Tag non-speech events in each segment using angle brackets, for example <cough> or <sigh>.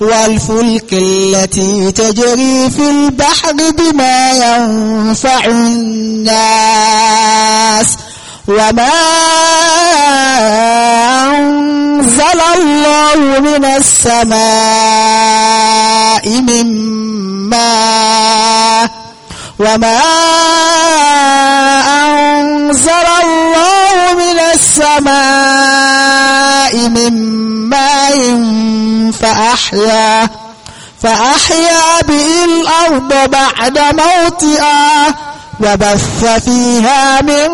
والفلك التي تجري في البحر بما ينفع الناس وما أنزل الله من السماء من ماء وما أنزل الله من السماء من ماء فأحيا فأحيا به الأرض بعد موتها وبث فيها من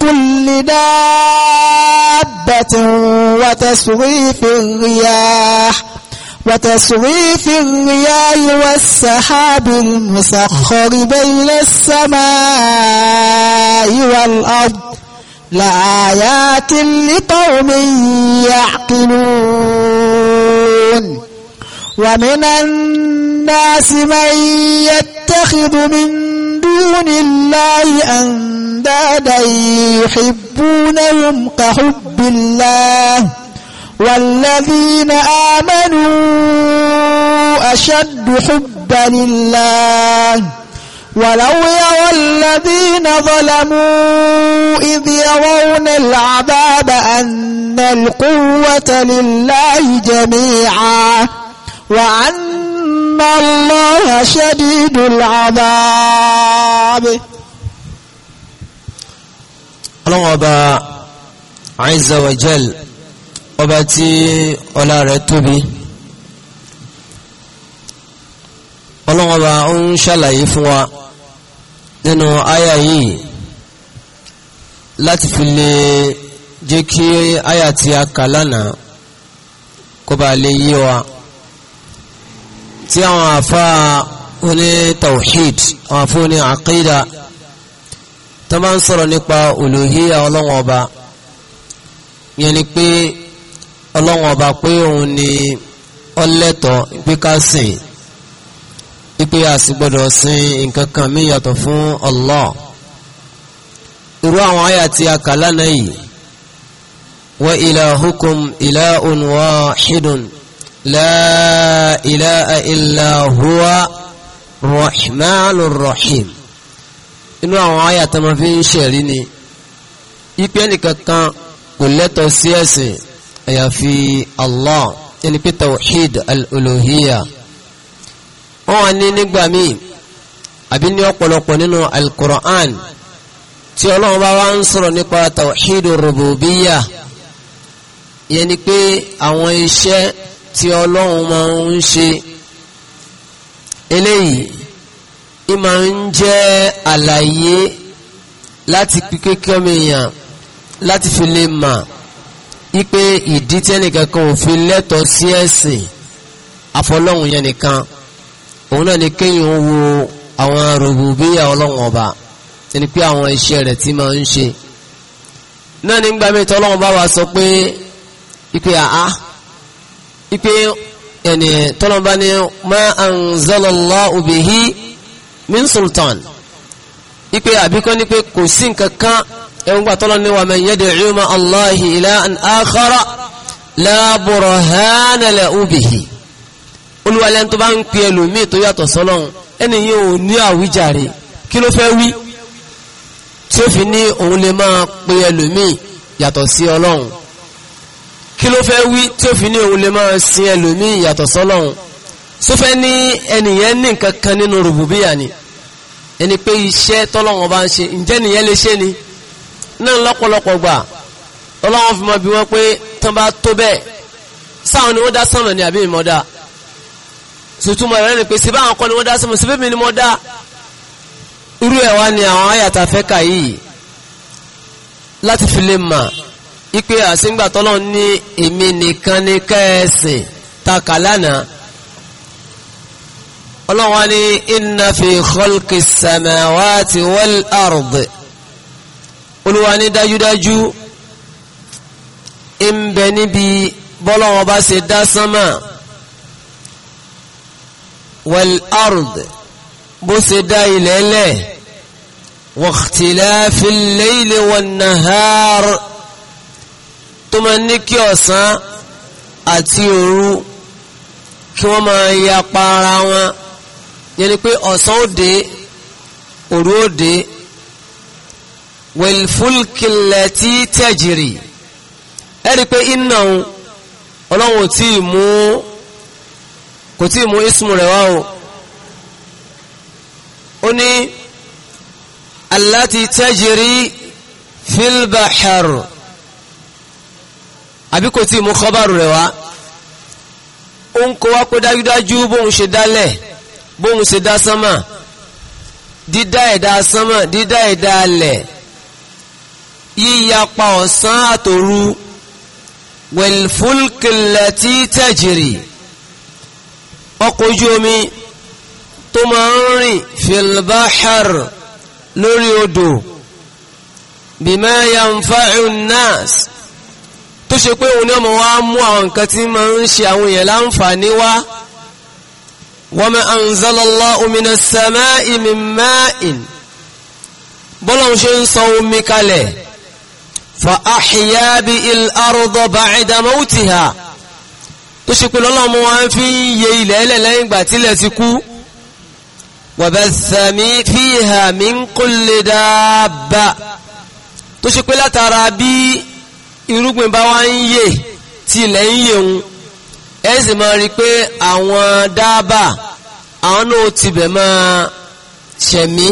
كل دابة وتصريف الرياح وتصريف الرياح والسحاب المسخر بين السماء والأرض لآيات لقوم يعقلون ومن الناس من يتخذ من دون الله أندادا يحبونهم كحب الله والذين آمنوا أشد حبا لله ولو يرى الذين ظلموا إذ يرون العذاب أن القوة لله جميعا وأن الله شديد العذاب الله أبا عز وجل ọba tí ọlá rẹ̀ tóbi ọlọ́wọ́ba ń ṣàlàyé fún nínú àyà yìí láti fi lè jẹ́ kí àyà tí a kà lánàá kó ba lè yé wa tí àwọn àfa oní tawhid àwọn àfa oní àkídà tó máa ń sọ̀rọ̀ nípa uluhiyya Ọlọ́hun Ọba yẹn ni pé Ọlọ́hun Ọba pé òun ni ọlẹ́tọ̀ọ́ pé ká sìn ipe a sì gbọdọ̀ sin nǹkan kan mí yàtọ̀ fún Allah irú àwọn àyà tí a kà lánàá yìí wa ilahukum ilahun wahidun la ilaha illa huwa rahmanur rahim inú àwọn àyà tó máa fi ń ṣẹ̀rí ni ipe ẹnìkan kan kò lẹ́tọ̀ sí ẹ̀sìn àyàfi Allah ẹni pé tawhid al-uluhiyya. al uluhiyya wọ́n wá ní nígbà míì àbí ní ọ̀pọ̀lọpọ̀ nínú al-Qur'an tí ọlọ́run bá wá ń sọ̀rọ̀ nípa tawhidu rububiya yẹn ni pé àwọn iṣẹ́ tí ọlọ́run máa ń ṣe eléyìí ì máa ń jẹ́ àlàyé láti kékeré mìíràn láti fi lè mà wípé ìdí tẹ́nìkan kan lẹ́tọ̀ọ́ sí ẹ̀sìn àfọlọ́hun yẹn nìkan òun náà ni kéèyàn wo àwọn rògbòbíyà ọlọ́run ọba tí ni pé àwọn iṣẹ́ rẹ̀ tí máa ń ṣe náà nígbà mẹ́ta ọlọ́run bá wa sọ pé ipe àá ipe ẹni tọ́lọ́run bá ní ma anzalallahu bihi min sultan ipe àbíkọ́ ni pé kò sí nǹkan kan ẹ̀wọ̀n gbà tọ́lọ́run ní wa man yad'u ma Allahi ilahan akhara la burhana lahu bihi olúwalẹ́ tó bá ń pe ẹlòmíì tó yàtọ̀ sọ́lọ́run ẹni yìí ò ní àwíjàre kí ló fẹ́ wí tí ó fi ní òun lè máa pe ẹlòmíì yàtọ̀ sí ọlọ́run kí ló fẹ́ wí tí ó fi ní òun lè máa sin ẹlòmíì yàtọ̀ sọ́lọ́run tó fẹ́ ní ẹnìyẹn ní nǹkan kan nínú rògbòbíyà ni ẹni pé iṣẹ́ tọ́lọ́run bá ń ṣe ǹjẹ́ nìyẹn lè ṣe ni náà lọ́pọ̀lọpọ̀ gbà ọlọ́run fi mọ bí wọ́n pé tán bá tó bẹ́ẹ̀ sáwọn ni wọ́n dá sọ̀nà ni àbí ìmọ̀dá sotuma rẹ ni pé sebe àwọn kọ́ni wọ́n dá sẹ́mu sebe mi ni mo dá irú ẹ̀ wá ni àwọn àyàtà fẹ́ kà yìí láti fi lè mà ipe àsìngbàtọ́lọ́ ní èmi nìkan ní kẹ́ẹ̀sìn takà lánàá ọlọ́wọ́n ni inna fi khalqi samawati wal ard olúwa ní dájúdájú ń bẹ níbi bọ́lọ́wọ́n bá ṣe dá sánmà wal-ard bó ṣe dá ilẹ̀ lẹ̀ waqtilafi al-layli wan-nahar tó máa ní kí ọ̀sán àti òru kí wọ́n máa ya pa wọn yẹni pé ọ̀sán ó òru ó dé wẹ̀lfúlkìlẹ̀ tí tẹ̀jìrì ẹ̀rí pé iná ọlọ́run tí mú kò tí ì mú ismu rẹ̀ wá o ó ní allati tajri fil bahr àbí kò tí ì mú khabaru rẹ̀ wá ó ń kó wá pé dájúdájú bóun ṣe dálẹ̀ bóun ṣe dá sánmà dídá ẹ̀dá sánmà dídá ẹ̀dá alẹ̀ yíyapa ọ̀sán àtòru wẹ̀lfúlkìlẹ̀ tí tajri ọkọ̀ ojú omi tó máa ń rìn filbahar lórí odò bima yanfa'u an-nas tó ṣe pé òun ní ọmọ wa mú àwọn nǹkan tí máa ń ṣe àwọn èèyàn láǹfààní wá wa ma anzala Allahu minas sama'i bọ́lọ̀n ṣe ń sọ omi kalẹ̀ fa ahya bi il arda ba'da mawtiha tó ṣe pé lọ́lọ́run mú wọn fi ń yẹ ilẹ̀ ẹlẹ̀ lẹ́yìn ìgbà tílẹ̀ ti kú wàbẹ̀sẹ̀ mi fi hà mí ń kó lè dáàbà tó ṣe pé látara bí irúgbìn bá wá ń yè tí ilẹ̀ ń yè ń máa rí pé àwọn dáàbà àwọn náà ti bẹ̀ máa ṣẹ̀mí.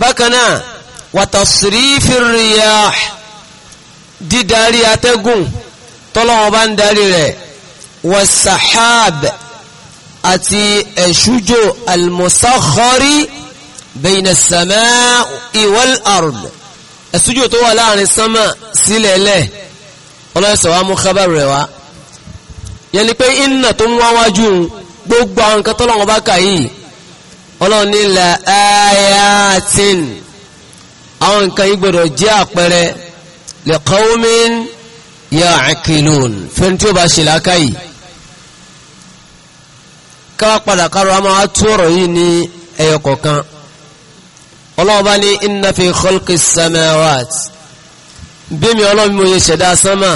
bákan náà wàtàsírí fìrìyà dídarí atẹ́gùn tọ́lọ́wọ́ bá ń darí rẹ̀ wasahab àti ẹ̀ṣújò almusakhari bẹ̀yìnà sàmà ìwọ́l àrùn ẹ̀ṣújò tó wà láàrin sánmà sílẹ̀lẹ̀ ọlọ́sọ̀ wa mú kábàrù rẹ̀ wá yẹn ni pé iná tó ń wá wájú gbogbo àwọn nǹkan tọ́lọ́wọ́ bá kà yìí ọlọ́run ní la ayatin àwọn nǹkan yìí gbọ́dọ̀ jẹ́ àpẹẹrẹ li ya'qilun fẹ́ni tí ó bá ṣe làákàyè káwá padà kárọ̀ àmọ́ àtúrọ̀ yìí ní ẹyọ kọ̀ọ̀kan ọlọ́wọ́ bá ní inna fi khalqi samawat bímí ọlọ́wọ́ mo yẹ ṣẹ̀dá sánmà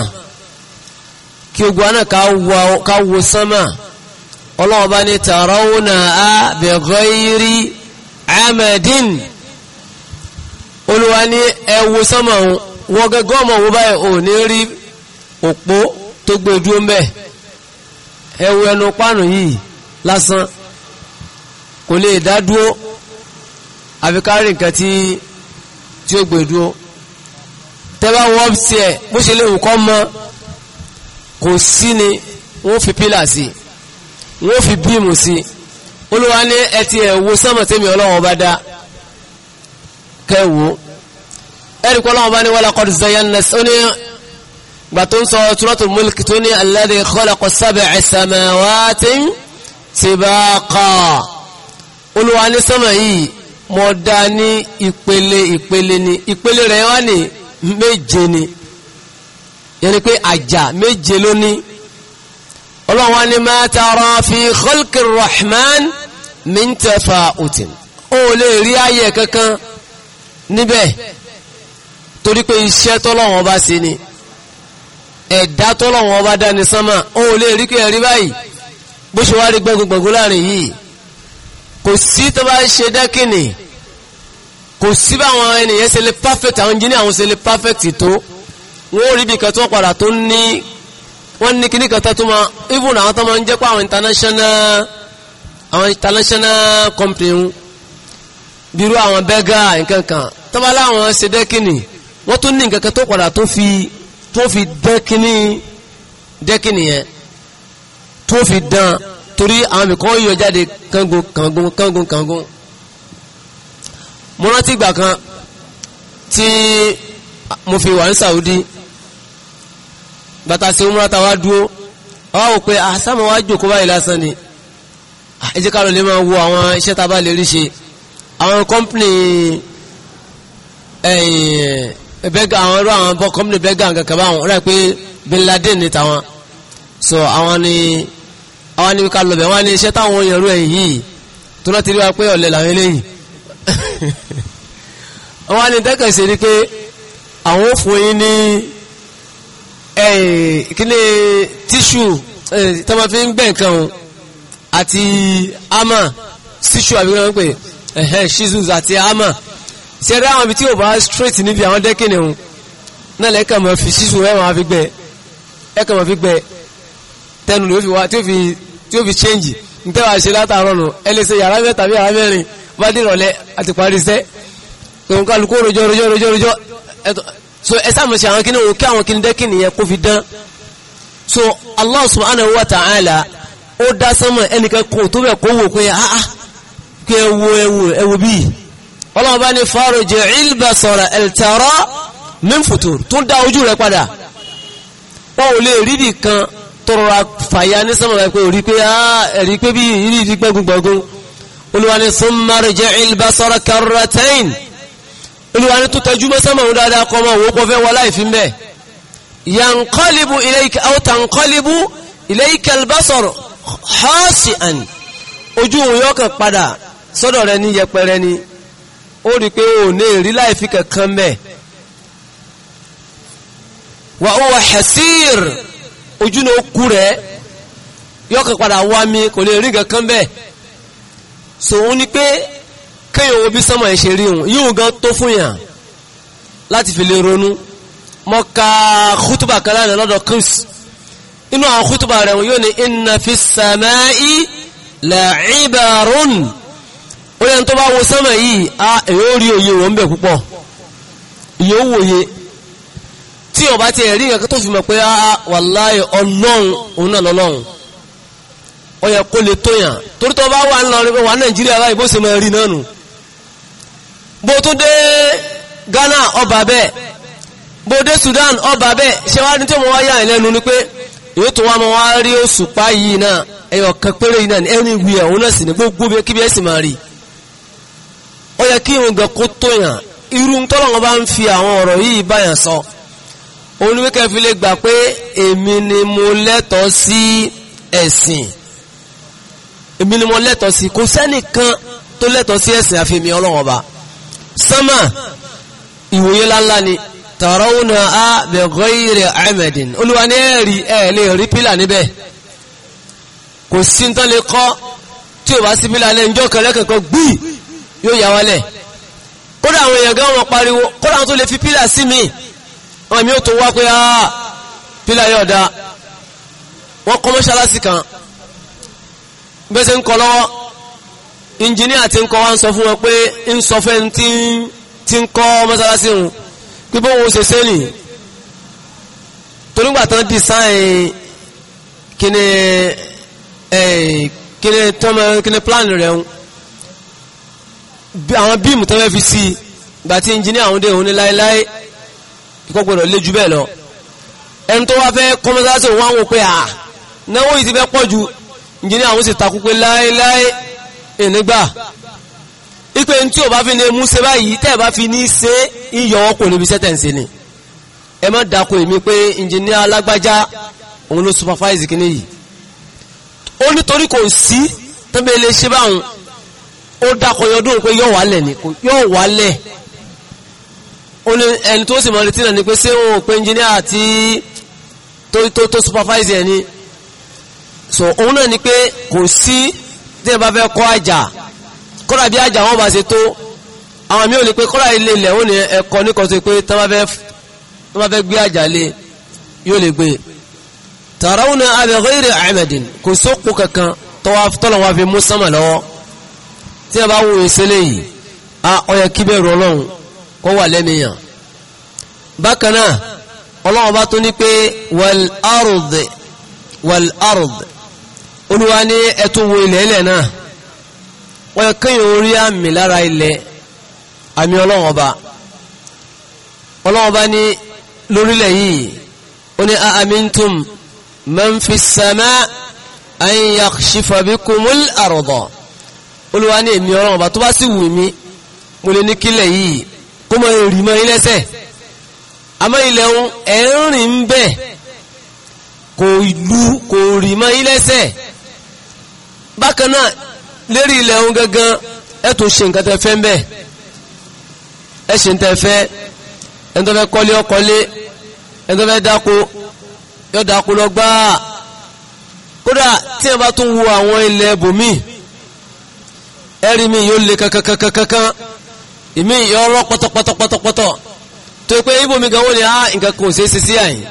kí ogun àná ká wo sánmà ọlọ́wọ́ bá ní tarawna á bi ghayri amadin olùwà ní ẹwọ sánmà wọn gẹ́gọ́ ọmọ wọn báyìí ò ní rí òpó tó gbé dúró mbẹ ẹwọ ẹnu pánù yìí lásán kò lè dá dúró àfi kárí nǹkan tí tí ó gbé dúró tẹ́bá wọ́n ti ẹ̀ bó ṣe lè wùkọ́ mọ́ kò sí ni wọ́n fi pílà sí wọ́n fi bíìmù sí olúwa ní ẹ ti ẹ̀ wo sánmọ̀ tẹ́mi ọlọ́wọ́n bá dá kẹ́wòó ẹ̀rì kọ́ ọlọ́wọ́n bá ní wọ́n lakọ́dù zayanna ó ní gbà tó ń sọ Suratul Mulk tó ní alladhi khalaqa sab'a samawati tibaqa olúwa ní sánmà yìí mo dá ní ìpele ìpele ni ìpele rẹ̀ wá ní méje ni yẹni pé àjà méje ló ní ọlọ́wọ́ ni ma fi khalqi rahman min tafa'utin ó lè rí ààyè kankan níbẹ̀ torí pé iṣẹ́ tọ́lọ́wọ́n bá sí ni ẹ̀dá tọ́lọ̀wọ̀n ọba dání sánmà ó lè rí kí ẹ̀rí báyìí bó ṣe wá rí gbẹ̀gbẹ̀gbẹ̀ láàrin yìí kò sí tó bá ṣe dákìnì kò sí báwọn ènìyàn ṣe lè perfect àwọn engineer àwọn ṣe lè perfect tó wọ́n rí bí kan tó padà tó ní wọ́n ní kíní kan tó máa even àwọn tó máa ń jẹ́ pé àwọn international àwọn international company ń bírú àwọn bẹ́gà nǹkan kan tó bá láwọn ṣe dákìnì wọ́n tún ní nǹkan kan padà tó fi tó fi dẹ́kíní dẹ́kíní yẹn tó fi dán torí àwọn ìkan yíò jáde kángun kángun kángun kángun mo rántí ìgbà kan tí mo fi wà ní Saudi bàtà sí omúrata wá dúó ọwá wò pé àsámọ̀ ah, wá jòkó báyìí lásán ni ah, ẹjẹ́ ká lọ lè máa wo àwọn iṣẹ́ tá a bá lè rí ṣe àwọn kọ́mpìnì ẹ̀yìn bẹ́gà àwọn irú àwọn bọ́ kọ́mínì bẹ́gà kankan báwọn rẹ̀ pé bin laden ni tàwọn so àwọn ni àwọn ni ká lọ bẹ̀ wọ́n ní iṣẹ́ táwọn èèyàn rú ẹ̀yìn yìí tó náà ti rí wa pé ọ̀lẹ làwọn eléyìí <laughs> wọ́n ní dẹ́kẹ̀ sí ni pé àwọn ò fún yín ní kíní tíṣù tó fi ń gbẹ̀ nǹkan o àti ama tíṣù àbí wọ́n pè ẹ̀hẹ́ ṣíṣù àti ama sẹ́rí àwọn ibi tí ò bá straight níbi àwọn dẹ́kìnì hun náà lẹ́kàn mọ̀ fi ṣíṣù ẹ̀ máa fi gbẹ ẹ̀kàn mọ̀ fi gbẹ tẹnu ló fi wá tí ó fi tí ó fi change ní tẹ́wà ṣe látàárọ̀ nù ẹ lè ṣe yàrá mẹ́ta bí yàrá mẹ́rin bá dé ìrọ̀lẹ́ àti parí iṣẹ́ òun kálukú rojọ́ rojọ́ rojọ́ rojọ́ so ẹ sáà mọ̀ ṣe àwọn kíní òun kí àwọn kíní dẹ́kìnì yẹn kó fi dán so Allah subhanahu wa ta'ala ó dá sánmọ̀ ẹnìkan kò tó bẹ̀ kó wò pé ah ah pé ẹ wo ẹ wo ẹ wo bíi ọlọ́run bá ní fárojì ìlbàsọ̀rọ̀ ẹ̀ltẹ̀rọ mímfùtù tún dá ojú rẹ̀ padà wọ́n ò lè rí nìkan tọrọ fàyà ní sọ́mọ̀ rẹ̀ pé orí pé ẹ̀rí pé bí ìrí ìdí gbẹ́gbẹ́gbẹ́gún olúwa ní sún márùjẹ́ ìlbàsọ̀rọ̀ kẹrọtẹ́ìn olúwa ní tó tẹjú mọ́ sọ́mọ̀ òun dáadáa kọ́ mọ́ òun kò fẹ́ wọ láìfín ojú òun yọ padà sọ́dọ̀ rẹ̀ ní yẹpẹrẹ ni ó rí pé ò ní rí láìfi kankan mẹ́ wà ó wà hasir ojú ní okú rẹ̀ yọkàn padà wá mi kò lè rí kankan mẹ́ so ó pé kéèyàn wo bí sánmà ẹ̀ ṣe rí òun yíò gan tó fún yàn láti fi lè ronú mo ka kútùbà kan lánàá lọ́dọ̀ kris inú àwọn kútùbà rẹ̀ yóò ní inna fi ó lẹ́nu tó bá wo yìí a èyí ó rí òye wọn bẹ̀ púpọ̀ ìyẹn ó wòye tí ọba ti ẹ̀rí nǹkan tó fi mọ̀ pé a ọlọ́run òun náà lọ́lọ́run ó yẹ kó lè tóyàn torí tó bá wà ń wà nàìjíríà láì bó rí náà nù bó dé Ghana ọba bẹ́ẹ̀ bó dé Sudan ọba bẹ́ẹ̀ ṣé wàá ní tí mo wá yà ẹ̀ lẹ́nu ni pé tó wá rí gbogbo bí ó yẹ kí irun gan kó tó yàn irú tọ́lọ́wọ́n bá ń fi àwọn ọ̀rọ̀ yìí báyàn sọ oníwíkẹ́ fi lè gbà pé èmi ni mo lẹ́tọ̀ọ́ sí ẹ̀sìn èmi ni mo lẹ́tọ̀ọ́ sí kò sẹ́nìkan tó lẹ́tọ̀ọ́ sí ẹ̀sìn àfihàn ọlọ́wọ́n bá sánmà ìwòye láńlá ni tàràwùnà á bẹ̀gọ́ ìrẹ̀ ahmedin olúwa ní ẹ̀rí ẹ̀ lè rí pílà níbẹ̀ kò sí ní tán lè kọ́ tí ò bá sí pílà lẹ́yìn kẹlẹ́kẹ̀kọ́ gbìyì yóò yà wálẹ̀ kódà àwọn èèyàn gan wọn pariwo kódà àwọn tó lè fi pílà sí mi àwọn èmi ò tó wá pé áá pílà yóò da wọ́n kọ́ mọ́ṣáláṣí kan gbèsè ń kọ́ lọ́wọ́ ìnjìníà ti ń kọ́ wa ń sọ fún wọn pé ń sọ fẹ́ ti ń kọ́ mọ́ṣáláṣí wọn pé bó ṣe ṣe nìyí torígbà tán design kíni eh, kíni tọ́mọ kíni plan rẹ̀ ń àwọn bíìmù tó fẹ́ fi sí ìgbà tí ẹnjìníà àwọn dé òun ní láéláé ìkọ́gbọ̀dọ̀ lé jù bẹ́ẹ̀ lọ ẹni tó wá fẹ́ kọ́mọ́sáṣẹ́ òun àwọn pé à ah, náwó yìí ti fẹ́ pọ̀ ju ẹnjìníà àwọn sì takú pé láéláé ìnígbà ipe tí o bá fi ní mú báyìí tẹ́ bá fi ní ṣe iyọ̀ ọkọ̀ níbi iṣẹ́ tẹ̀sí ni ẹ má dako èmi pé ẹnjìníà alágbájá òun ló supervise kìíní yìí ó nítorí kò sí tẹ́bẹ̀ẹ́lẹ́ ó dákọ̀ yọdún pé yọ́ wálẹ̀ ní yọ́ wálẹ̀ ó ní ẹni tó sì mọ̀ létí náà ni pé séwọn pé engineer tí tó tó supervisor ẹni so òun náà ni pé kò sí tí ẹ bá fẹ́ kọ́ àjà kọ́ra bí àjà wọn bá ṣe tó àwọn mi ò lè pé kọ́ra ilé ilẹ̀ ó ní ẹ̀kọ́ ní kan tó pé tó bá fẹ́ gbé àjà lé yóò lè gbé tààrà òun náà abẹ́rẹ́ àmẹ́dìn kò sóko kankan tọ́lọ̀ fi mú sánmà lọ́wọ́ tí a bá wò ó sílẹ̀ yìí a ọyẹ kí bẹ́ẹ̀ rọ ọlọ́run kó wà lẹ́nìyàn bákan náà ọlọ́run bá tó ní pé wal ard wal ard olúwa ní ẹtún wo ilẹ̀ ilẹ̀ náà ọyẹ kéèyàn orí àmì lára ilẹ̀ àmì ọlọ́run ọba ọlọ́run ọba ní lórílẹ̀ yìí ó ní a amintum man fi sama olúwa ní èmi ọlọ́run ọba tó bá sì wù mí mo lè ní kílẹ̀ yìí kó mọ èrì mọ ilé ẹsẹ̀ àmọ́ ilẹ̀ ohun ẹ̀ ń rìn ń bẹ̀ kò lu kò rì mọ ilé bákan náà lérí ilẹ̀ ohun gangan ẹ̀ tó ṣe nǹkan tẹ́ fẹ́ ń bẹ̀ ẹ̀ ṣe ń tẹ́ fẹ́ ẹni tó fẹ́ kọ́lé ọkọ́lé ẹni tó fẹ́ dáko yọ dáko lọ gbáà kódà tí ẹ bá tún wo àwọn ilẹ̀ bòmíì ẹ̀rí mi yóò le kankankankan ìmí yóò rọ́ tó pé ibòmí gan wọ́n ni á nǹkan kò ṣe é ṣe sí àyìn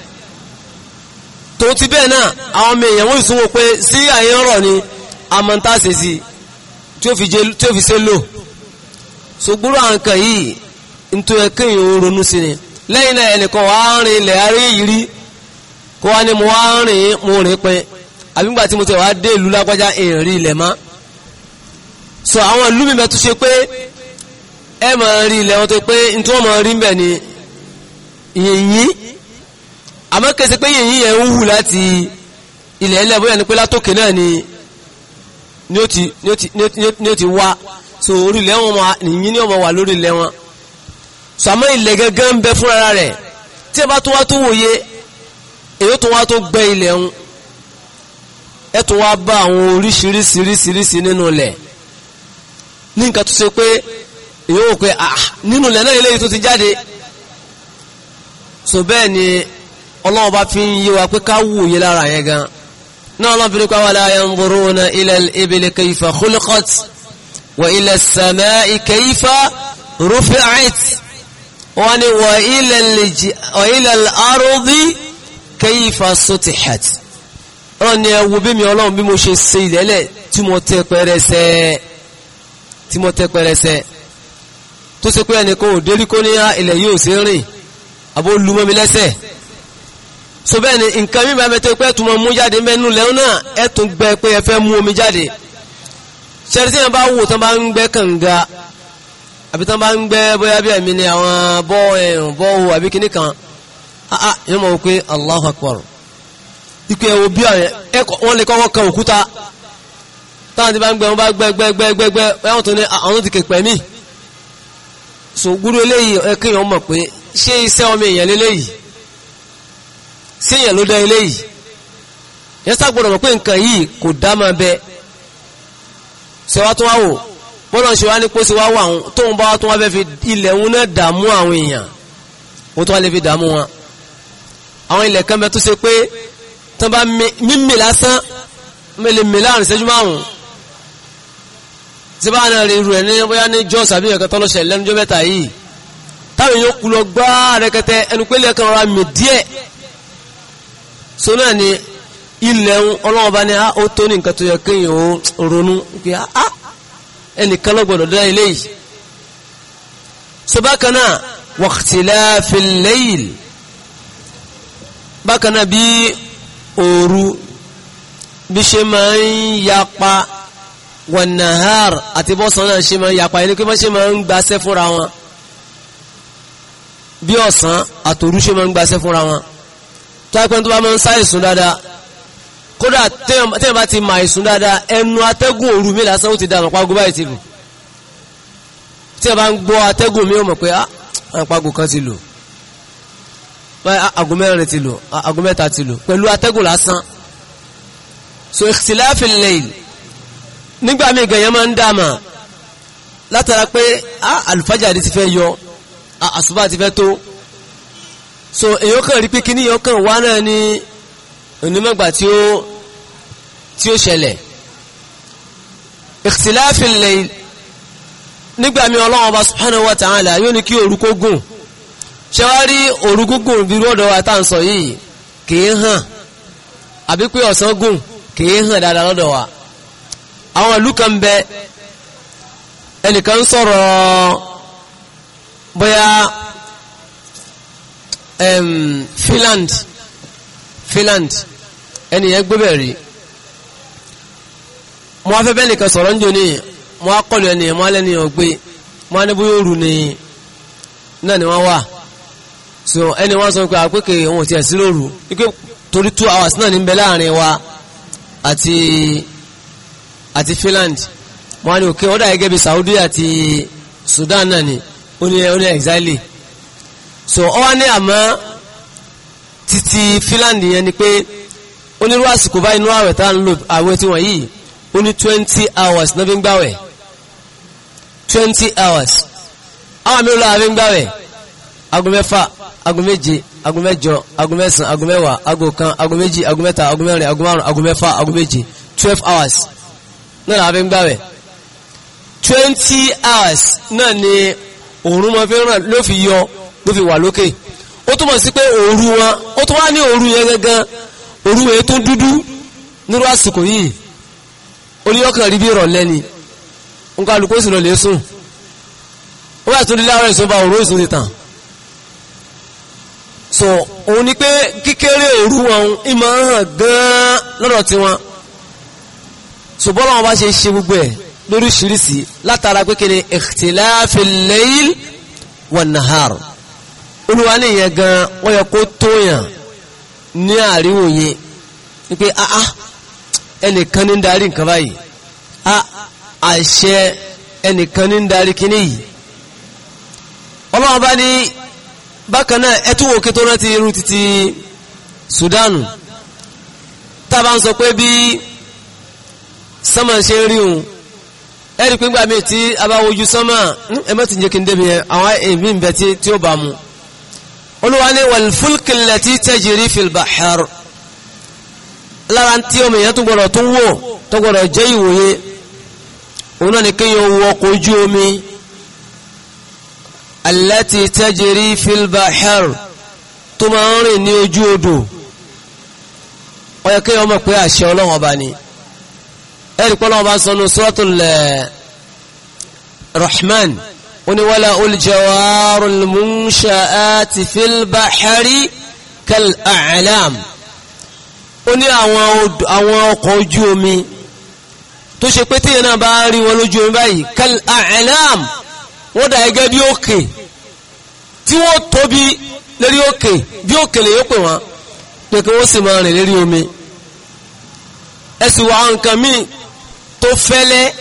tó ti bẹ́ẹ̀ náà àwọn ọmọ èèyàn wọ́n ìsúnwò pé sí àyìn ọ̀rọ̀ ni amọ̀ntàṣe sí tí ó fi ṣe lò ṣùgbúrú àǹkan yìí nítorí ẹ̀kẹ́ yìí ó ronú sí ni so àwọn ìlú mi bẹ tó ṣe pé ẹ máa rí ilẹ̀ wọn tó pé n tí wọ́n máa rí ń bẹ̀ ni yìnyín àmọ́ kẹsẹ̀ pé yìnyín yẹn ń wù láti ilẹ̀ ẹlẹ́ bóyá ni pé látòkè náà ni ni ó ti wá so orí ilẹ̀ wọn máa yìnyín ni wọ́n máa wà lórí ilẹ̀ wọn so àmọ́ ilẹ̀ gẹ́gẹ́ ń bẹ fúnra rẹ̀ tí ẹ bá tó wá tó wòye èyí tó wá tó gbẹ ilẹ̀ ń ẹ tó wá bá àwọn oríṣiríṣiríṣiríṣi nínú ilẹ̀ ní nǹkan tó ṣe pé èyí wò pé ah, nínú ilẹ̀ náà eléyìí tó ti jáde so bẹ́ẹ̀ ni ọlọ́run bá fi ń yé wa pé ká wòye lára yẹn gan náà ọlọ́run fi ní pé wala yanzuruna ila al-ibili kayfa khuliqat wa ila as-samai kayfa wọ́n ni wa ila al-ardi kayfa ọlọ́run ni ẹ wo bí mi ọlọ́run bí mo ṣe ṣe ilẹ̀ tí mo tẹ́ pẹ́rẹsẹ́ẹ́ tí mo tẹ́ pẹrẹsẹ tó ṣe pé ẹnìkan ò dérí kó ní ah, ilẹ̀ yóò ṣe rìn àbó lu mọ́ mi lẹ́sẹ̀ so bẹ́ẹ̀ ni nǹkan mímọ́ ẹ̀mẹ́tẹ́ pé ẹ̀tún mọ́ mú jáde mẹ́nu lẹ́hún náà ẹ̀tún gbẹ pé ẹ fẹ́ mú omi jáde ṣẹ́rí tí wọ́n bá wò tán bá ń gbẹ́ kànga àbí tán bá ń gbẹ́ bóyá bí ẹ̀mí ni àwọn bọ́ ẹ̀rùn bọ́ wo àbí kinní kan ah ah yóò mọ̀ wípé Allahu Akbar ikú ẹ̀ wo bí wọ́n lè kọ́kọ́ kan òkúta táwọn ti bá ń gbẹ wọn bá gbẹ gbẹ gbẹ gbẹ gbẹ ẹwọn tó ní àwọn ti kẹpẹ mí so gbúrú eléyìí ẹ kéèyàn mọ̀ pé ṣé iṣẹ́ ọmọ èèyàn léléyìí sí èèyàn ló dá eléyìí yẹn ságbọ́dọ̀ mọ̀ pé nǹkan yìí kò dá máa bẹ ṣe wá tó wá wò bọ́lá ṣe wá ní pé ṣe wá wà àwọn tóun bá wá tó wá fẹ́ fi ilẹ̀ òun náà dààmú àwọn èèyàn wọ́n tó wá lè fi dààmú wọn àwọn ilẹ̀ kan bẹ tó ṣe pé tán mímì lásán mẹ́lẹ̀ mẹ́lẹ̀ ìṣẹ́jú márùn-ún tí bá náà rí irú ẹ̀ ní bóyá ní jọ́ sàbí ẹ̀kọ́ tọ́lọ́ṣẹ̀ lẹ́nujọ́ mẹ́ta yìí táwọn èèyàn kú lọ gbá rẹ̀kẹtẹ ẹnu pé lẹ́ẹ̀kan ra mi díẹ̀ so náà ni ilẹ̀ ọlọ́wọ́ba ni a ah, ó tó ní nǹkan tó yẹ kéèyàn ó ronú pé a ah, ah, ẹnìkan lọ́gbọ̀dọ̀ dá ilé yìí so bákan náà waqtilafil layl bákan náà bí òru bí ṣe máa ń yapa wọnàhár àti bọ́sàn náà ṣe máa ń yapa ẹni pé wọ́n ṣe máa ń gbaṣẹ́ fúnra wọn bí ọ̀sán àtòrú ṣe máa ń gbaṣẹ́ fúnra wọn tó a pẹ́ tó bá máa ń sáré sùn dáadáa kódà téèyàn bá ti mà ìsùn dáadáa ẹnu atẹ́gùn òru mi lásán ó ti dànù pàgó báyìí ti lù téèyàn bá ń gbọ́ atẹ́gùn mi ó mọ̀ pé ah, àwọn pàgó kan ti lù aago ah, mẹ́rin ti lù aago ah, mẹ́ta ti lù pẹ̀lú atẹ́gùn lásán so ikhtilafil layl nígbà míì gẹ̀yẹ́ máa ń dàmà látara pé àlùfájàrí ti fẹ́ yọ àsùbá ti fẹ́ tó so èyí ó kàn rí pé kí níyàn kàn wá náà ní onímọ̀gbà tí ó tí ó ṣẹlẹ̀ ìkìtìláàfin lẹ́yìn nígbà míì Ọlọ́hun Ọba subhanahu wa ta'ala yóò ní kí òru kó gùn ṣe wá rí bí rọ́dọ̀ wa tá à ń sọ yìí kì í hàn àbí pé ọ̀sán gùn kì í hàn dáadáa lọ́dọ̀ wa àwọn ìlú kan bẹ ẹnìkan sọ̀rọ̀ bóyá Finland Finland ẹnìyẹn gbébẹ̀ rí mo wá fẹ́ bẹ́ẹ̀ nìkan sọ̀rọ̀ ń jò ní mo wá kọlu ẹnìyẹn mo wá lẹ́nìyàn gbé mo wá ní ni náà ni wọ́n wà so ẹni wọ́n sọ pé àpékè òun ò tiẹ̀ sí lóru wípé torí two hours náà ní bẹ láàrin wa àti àti Finland wọ́n á ní òkè ọ̀dà gẹ́gẹ́ bí Saudi àti Sudan náà ni ó ní ó ní exile so ọ wá ní àmọ́ títí Finland yẹn ni pé onírú àsìkò bá inú àwẹ̀ tá à ń lò àwẹ̀ tí wọ́n yìí ó ní twenty hours náà fi ń gbàwẹ̀ twenty hours àwọn mélòó làwọn fi ń gbàwẹ̀ aago mẹ́fà aago méje aago mẹ́jọ aago mẹ́sàn aago mẹ́wàá aago kan twelve hours náà làwọn fi ń gbàwẹ̀ twenty hours náà ni òòrùn máa fi ràn ló fi yọ ló fi wà lókè ó túmọ̀ sí pé òru wọn ó tún wá ní òru yẹn gangan òru yẹn tún dúdú nírú àsìkò yìí oníyọkàn rí bí ìrọ̀lẹ́ ni nǹkan alùpùpù sì lọ lè sùn ó bá tún lílá ọ̀rọ̀ ìsúnba òru ìsún ti tàn so òun ni pé kíkéré òru wọn ìmọ̀ hàn gan-an lọ́dọ̀ tiwọn ṣùgbọ́n làwọn bá ṣe ṣe gbogbo ẹ̀ lóríṣiríṣi látara pé kí ni ikhtilaf al-layl wan-nahar olúwa ní ìyẹn gan wọ́n yẹ kó tóyàn ní àríwò yẹn wípé ah, ah ẹnìkan ní ń darí nǹkan báyìí ah àṣẹ ẹnìkan ní darí kíní yìí ọlọ́wọ́n bá ní bákan náà ẹtún òkè tó rántí irú títí Sudan tá a bá ń sọ pé bíi sánmà ṣe ń rí òun ẹ̀rí pé gbàmí tí a bá wojú sánmà hmm, ẹ mọ́ ti jẹ́ kí n débi yẹn àwọn èmi ń bẹ tí ó bá mu olúwa ní wal fulki allati tajri fil bahr lára tí ọmọ èèyàn tó gbọdọ̀ tó wò tó gbọdọ̀ jẹ́ ìwòye òun náà ni kéèyàn wọ ọkọ̀ omi allati tajri fil bahr tó máa ń rìn ní ojú odò ó yẹ kéèyàn pé àṣẹ ọlọ́wọ́n ọba ni ẹ̀rí pọ́lọ́ ọba sọnù suratul eh, Rahman oníwàlá olùjẹ̀wàárùn munsha'ati fil bahari kal a'lam ó ní àwọn ọkọ̀ ojú omi tó ṣe pé tíyẹn náà bá rí wọn lójú omi báyìí kal a'lam wọ́n dà gẹ́gẹ́ bí òkè tí wọ́n tóbi lérí òkè bí òkè lè yóò pè wọ́n pé wọ́n sì máa rìn lérí omi ẹ̀sìn wà nǹkan míì tó fẹ́lẹ́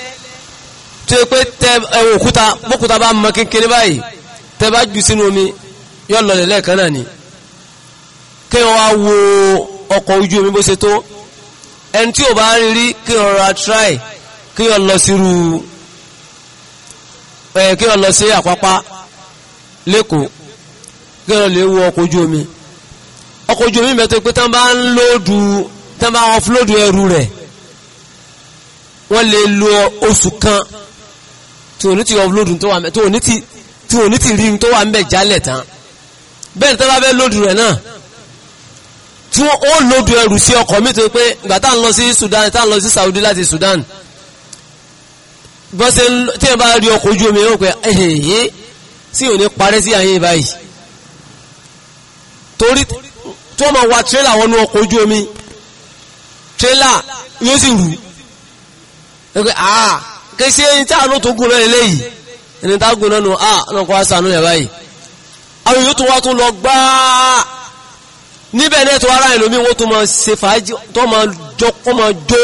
tó yẹ pé tẹ ẹwọ òkúta bókúta bá mọ kékeré báyìí tẹ bá jù sínú omi yọ lọlẹ̀ lẹ́ẹ̀kan náà ni kí wọ́n wá wo ọkọ̀ ojú omi bó ṣe tó ẹni tí ò bá ń rí kí wọ́n ra try kí wọ́n lọ sí ru ẹ̀ kí wọ́n lọ sí àpápá lẹ́kọ̀ọ́ kí wọ́n lè wo ọkọ̀ ojú omi ọkọ̀ ojú omi mẹ́tọ́ pé tán bá ń lóòdù tán bá ń ọfúlóòdù ẹrù rẹ̀ wọ́n lè lo oṣù kan tí ò ní ti ọlọ́dún tó wà mẹ́ tí ò ní ti tí ò ní ti rí tó wà ń jálẹ̀ tán bẹ́ẹ̀ tó bá fẹ́ lódù rẹ̀ náà tí ó lódù ẹrù sí ọkọ̀ mi pé ìgbà tá ń lọ sí Sudan tá à ń lọ sí Saudi láti Sudan bọ́sẹ̀ tí ẹ bá rí ọkọ̀ ojú omi ó pẹ́ ẹ̀hẹ̀hẹ́ eh, eh, eh, sí ò ní parẹ́ sí àyè báyìí torí tí wọ́n máa wa tírélà wọnú ọkọ̀ ojú omi tírélà yóò sì rù ẹgbẹ́ àà kí ṣe ẹni tí àánú tó gùn náà eléyìí ẹni tá gùn náà nù àà ah, náà kọ́ àṣà àánúyẹ̀ báyìí àwọn yóò tún wá tún lọ gbáà níbẹ̀ náà tó ara ẹlòmí wọ́n tó máa ṣe fàájì tó máa jọ kó máa jó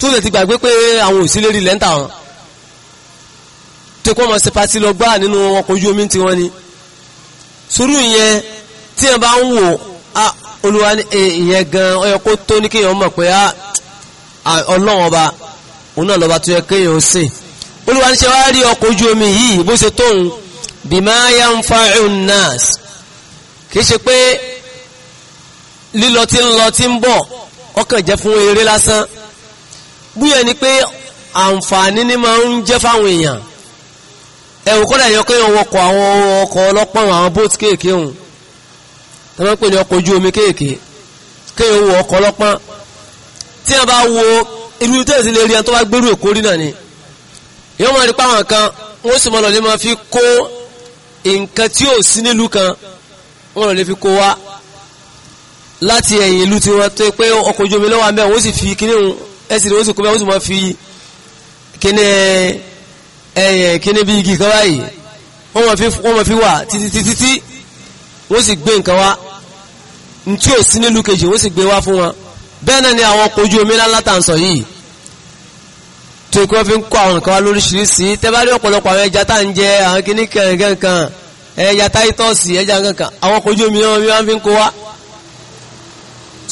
tó lè ti gbàgbé pé àwọn òsílérí lẹ́ńtà wọn tó kọ́ máa ṣe pàtí lọ gbáà nínú ọkọ̀ ojú omi tiwọn ni sùúrù yẹn tí ẹ bá ń wò á ah, olúwa ìyẹn gan ó yẹ kó tó ní kéèyàn mọ̀ pé á ah, ọlọ́wọ́n ba òun náà lọ́ba tó yẹ kéèyàn ó sìn olúwa ní ṣe wá rí ọkọ̀ ojú omi yìí bó ṣe tóun bima yanfa'u nnas kì í ṣe pé lílọ tí ń lọ tí ń bọ̀ ọkàn jẹ́ fún eré lásán búyẹ̀ ni pé àǹfààní ni máa ń jẹ́ fáwọn èèyàn ẹ̀wù kọ́dà yẹn kí wọ́n wọkọ̀ àwọn ọkọ̀ ọlọ́pàá àwọn bóòtù kéèké hùn tí wọ́n ọkọ̀ ojú omi kéèké kéèké wọ ọkọ̀ ọlọ́pàá tí wọ́n bá wo ìlú tẹ́sí lè rí ẹni tó bá gbérú èkó rí náà ni yóò máa rí páwọn kan wọ́n sì máa lọ́lẹ́ máa fi kó nǹkan tí ò sí nílùú kan wọ́n lọ́lẹ́ fi kó wá láti ẹ̀yìn ìlú tí wọ́n tó pé ọkọ̀ ojú omi lọ́wọ́ mẹ́wọ́n sì fi kíní ẹ̀sìn wọ́n sì kó mẹ́wọ́n sì máa fi kíní ẹ̀yìn kíní bí igi kan báyìí wọ́n máa fi wà títí títí wọ́n sì gbé nǹkan wá ntí ò sí nílùú kejì wọ́n sì gbé wá fún wọn bẹ́ẹ̀ ni àwọn ọkọ̀ ojú omi ńlá tàǹsọ̀ yìí tó kí wọ́n fi ń kọ́ àwọn nǹkan wá lóríṣiríṣi tẹ́bárí ọ̀pọ̀lọpọ̀ àwọn ẹja tá à ń jẹ àwọn kìíní kẹ̀kẹ́ kan ẹja táítọ́ọ̀sì ẹja kankan àwọn ọkọ̀ ojú omi wọn máa fi ń kó wá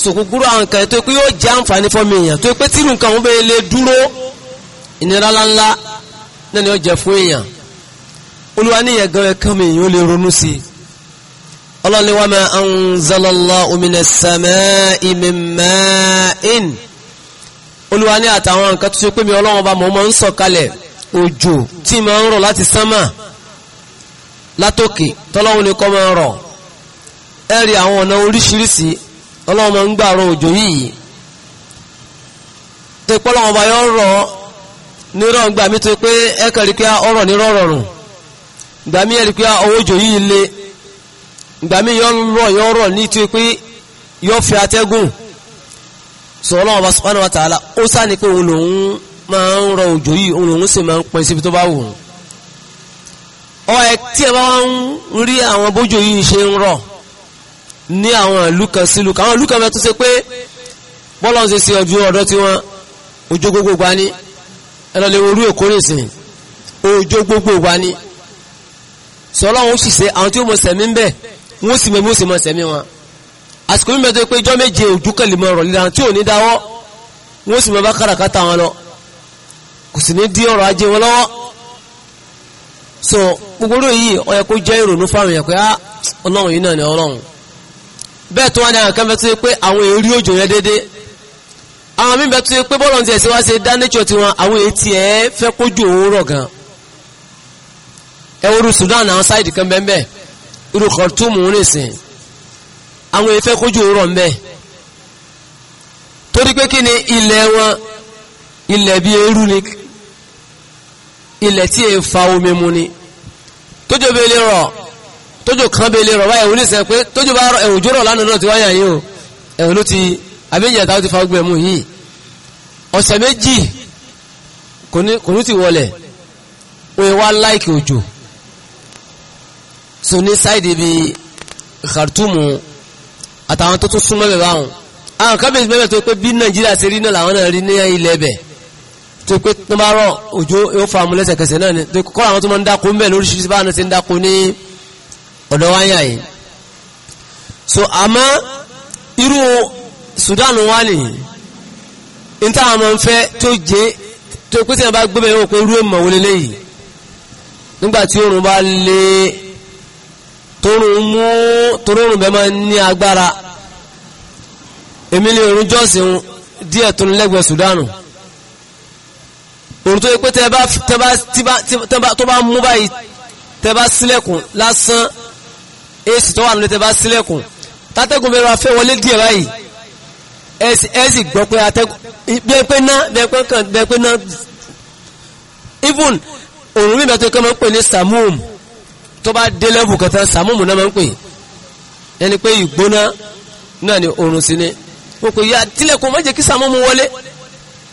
sòkúkúrú àwọn nǹkan tó kí yóò jẹ́ àǹfààní fọ́mi èèyàn tó pé tírù nǹkan wọn bẹ́ẹ̀ lè dúró ìnira ńláńlá náà ni ó jẹ fún èèyàn olúwa níyẹn gan ẹ̀kan mi èèyàn ó lè ronú sí i ọlọ́ni wa ma anzalallahu minas samai min ma'in olúwa ní àtàwọn nǹkan tó ṣe pé mi ọlọ́wọ́n bá mọ̀ ń sọ òjò tí ma ń rọ̀ láti sánmà látòkè tọ́lọ́wọ́n ní kọ́ máa rọ̀ àwọn ọ̀nà oríṣiríṣi ọlọ́wọ́n ń gbà òjò yìí tó yọ rọ̀ nírọ̀ tó pé rí pé le ìgbà mi yọ rọ̀ yọ rọ̀ ní tí pé yọ fi atẹ́gùn sọ̀rọ̀ ọba subhanahu wa ta'ala ó sáni pé òun lòun máa ń rọ òjò yìí òun lòun sì máa ń pẹ́ síbi tó bá wù ú ọ ẹ tí ẹ bá ń rí àwọn bójú yìí ṣe ń rọ̀ ní àwọn ìlú kan sílùú kan àwọn ìlú kan bẹ tó ṣe pé bọ́lá ń ṣe ṣe ọjọ́ ọ̀dọ́ tí wọ́n ọjọ́ gbogbo gba ní ẹlọ́lẹ̀ orí èkó nìsín ọjọ́ gbogbo gba ní sọlọ́run sì ṣe àwọn tí ó mọ̀ sẹ̀mí ń bẹ̀ wọ́n sì mọ bí wọ́n sì mọ sẹ́mi wọn àsìkò mímọ́ tó pé ijọ́ méje òdúkẹ̀lì mọ́ ọ̀rọ̀ líla tí ò ní dáwọ́ wọ́n sì mọ bá káràkátà wọn lọ kò sì ní dí ọ̀rọ̀ ajé wọn lọ́wọ́ so gbogbo yìí ó yẹ kó jẹ́ ìrònú fáwọn èèyàn pé á ah, ọlọ́run yìí náà ni ọlọ́run bẹ́ẹ̀ tó wá ní àkànfẹ́ tó yẹ pé àwọn èrí òjò yẹn dédé àwọn mímọ́ tó yẹ pé bọ́ọ̀lù ti ẹ̀sìn wá ṣe dá nature tiwọn àwọn èyí tiẹ̀ fẹ́ kójú òun rọ̀ gan ẹ̀wọ̀n Sudan àwọn sáìdì kan bẹ́ẹ̀ bẹ́ẹ̀ irú Khartoum nìsín àwọn ìfẹ́ kójú rọ̀ ń bẹ́ torí pé kí ni ilẹ̀ wọn ilẹ̀ bí eérú ni ilẹ̀ tí è fa omi mu ni tójò bẹ lè rọ̀ tójò kan bẹ lè rọ̀ báyìí òun nìsín pé tójò bá rọ ẹ̀wùjọ́ rọ̀ lánàá náà ti wáyà yìí o ẹ̀wùn ló ti abẹ́yẹ̀ta ó ti fa gbẹ̀mú yìí ọ̀sẹ̀ méjì kò ní ti wọlẹ̀ òye wá láìkì òjò. Like so ní sáìdì bí Khartoum àtàwọn tó tún súnmọ́ bẹ̀ báwọn àwọn kábíyèsí bẹ́ẹ̀ tó pé bí Nàìjíríà ṣe rí náà làwọn náà rí ní ilẹ̀ bẹ̀ tó pé tó bá rọ̀ òjò yóò fa amúlẹ́sẹ̀kẹsẹ̀ náà ni tó kọ́ àwọn tó máa ń dáko ń bẹ̀ lóríṣiríṣi báwọn ti ń dáko ní ọ̀dọ̀ wáyà yìí so àmọ́ irú Sudan wà nìyí ní táwọn ọmọ ń fẹ́ tó jẹ́ tó pé tí bá gbé bẹ́ẹ̀ wọ́n pé irú èèmọ̀ wọlé léyìí torun mú torun bẹ́ẹ̀ máa ní agbára èmi ní orun jọ́sìn díẹ̀ tó ń lẹ́gbẹ̀ẹ́ sùdánù òun tó yẹ pé tẹ́ bá tó bá mú báyìí tẹ́ bá sílẹ̀kùn lásán èsì tó wà nílé tẹ́ bá sílẹ̀kùn tátẹ́gùn bẹ̀rẹ̀ afẹ́ wọlé díẹ̀ báyìí ẹ̀sì gbọ́ pé atẹ́gùn bẹ́ẹ̀ pé ná bẹ́ẹ̀ pé kàn bẹ́ẹ̀ pé ná even òun mímẹ́tò kọ́ mọ́ pè ní samuel tó bá dé lẹ́bù kẹta sàmúmù náà máa ń pè ẹni pé ìgbóná náà ni oorun sí ni ó pè ya tílẹ̀ kò má jẹ́ kí sàmúmù wọlé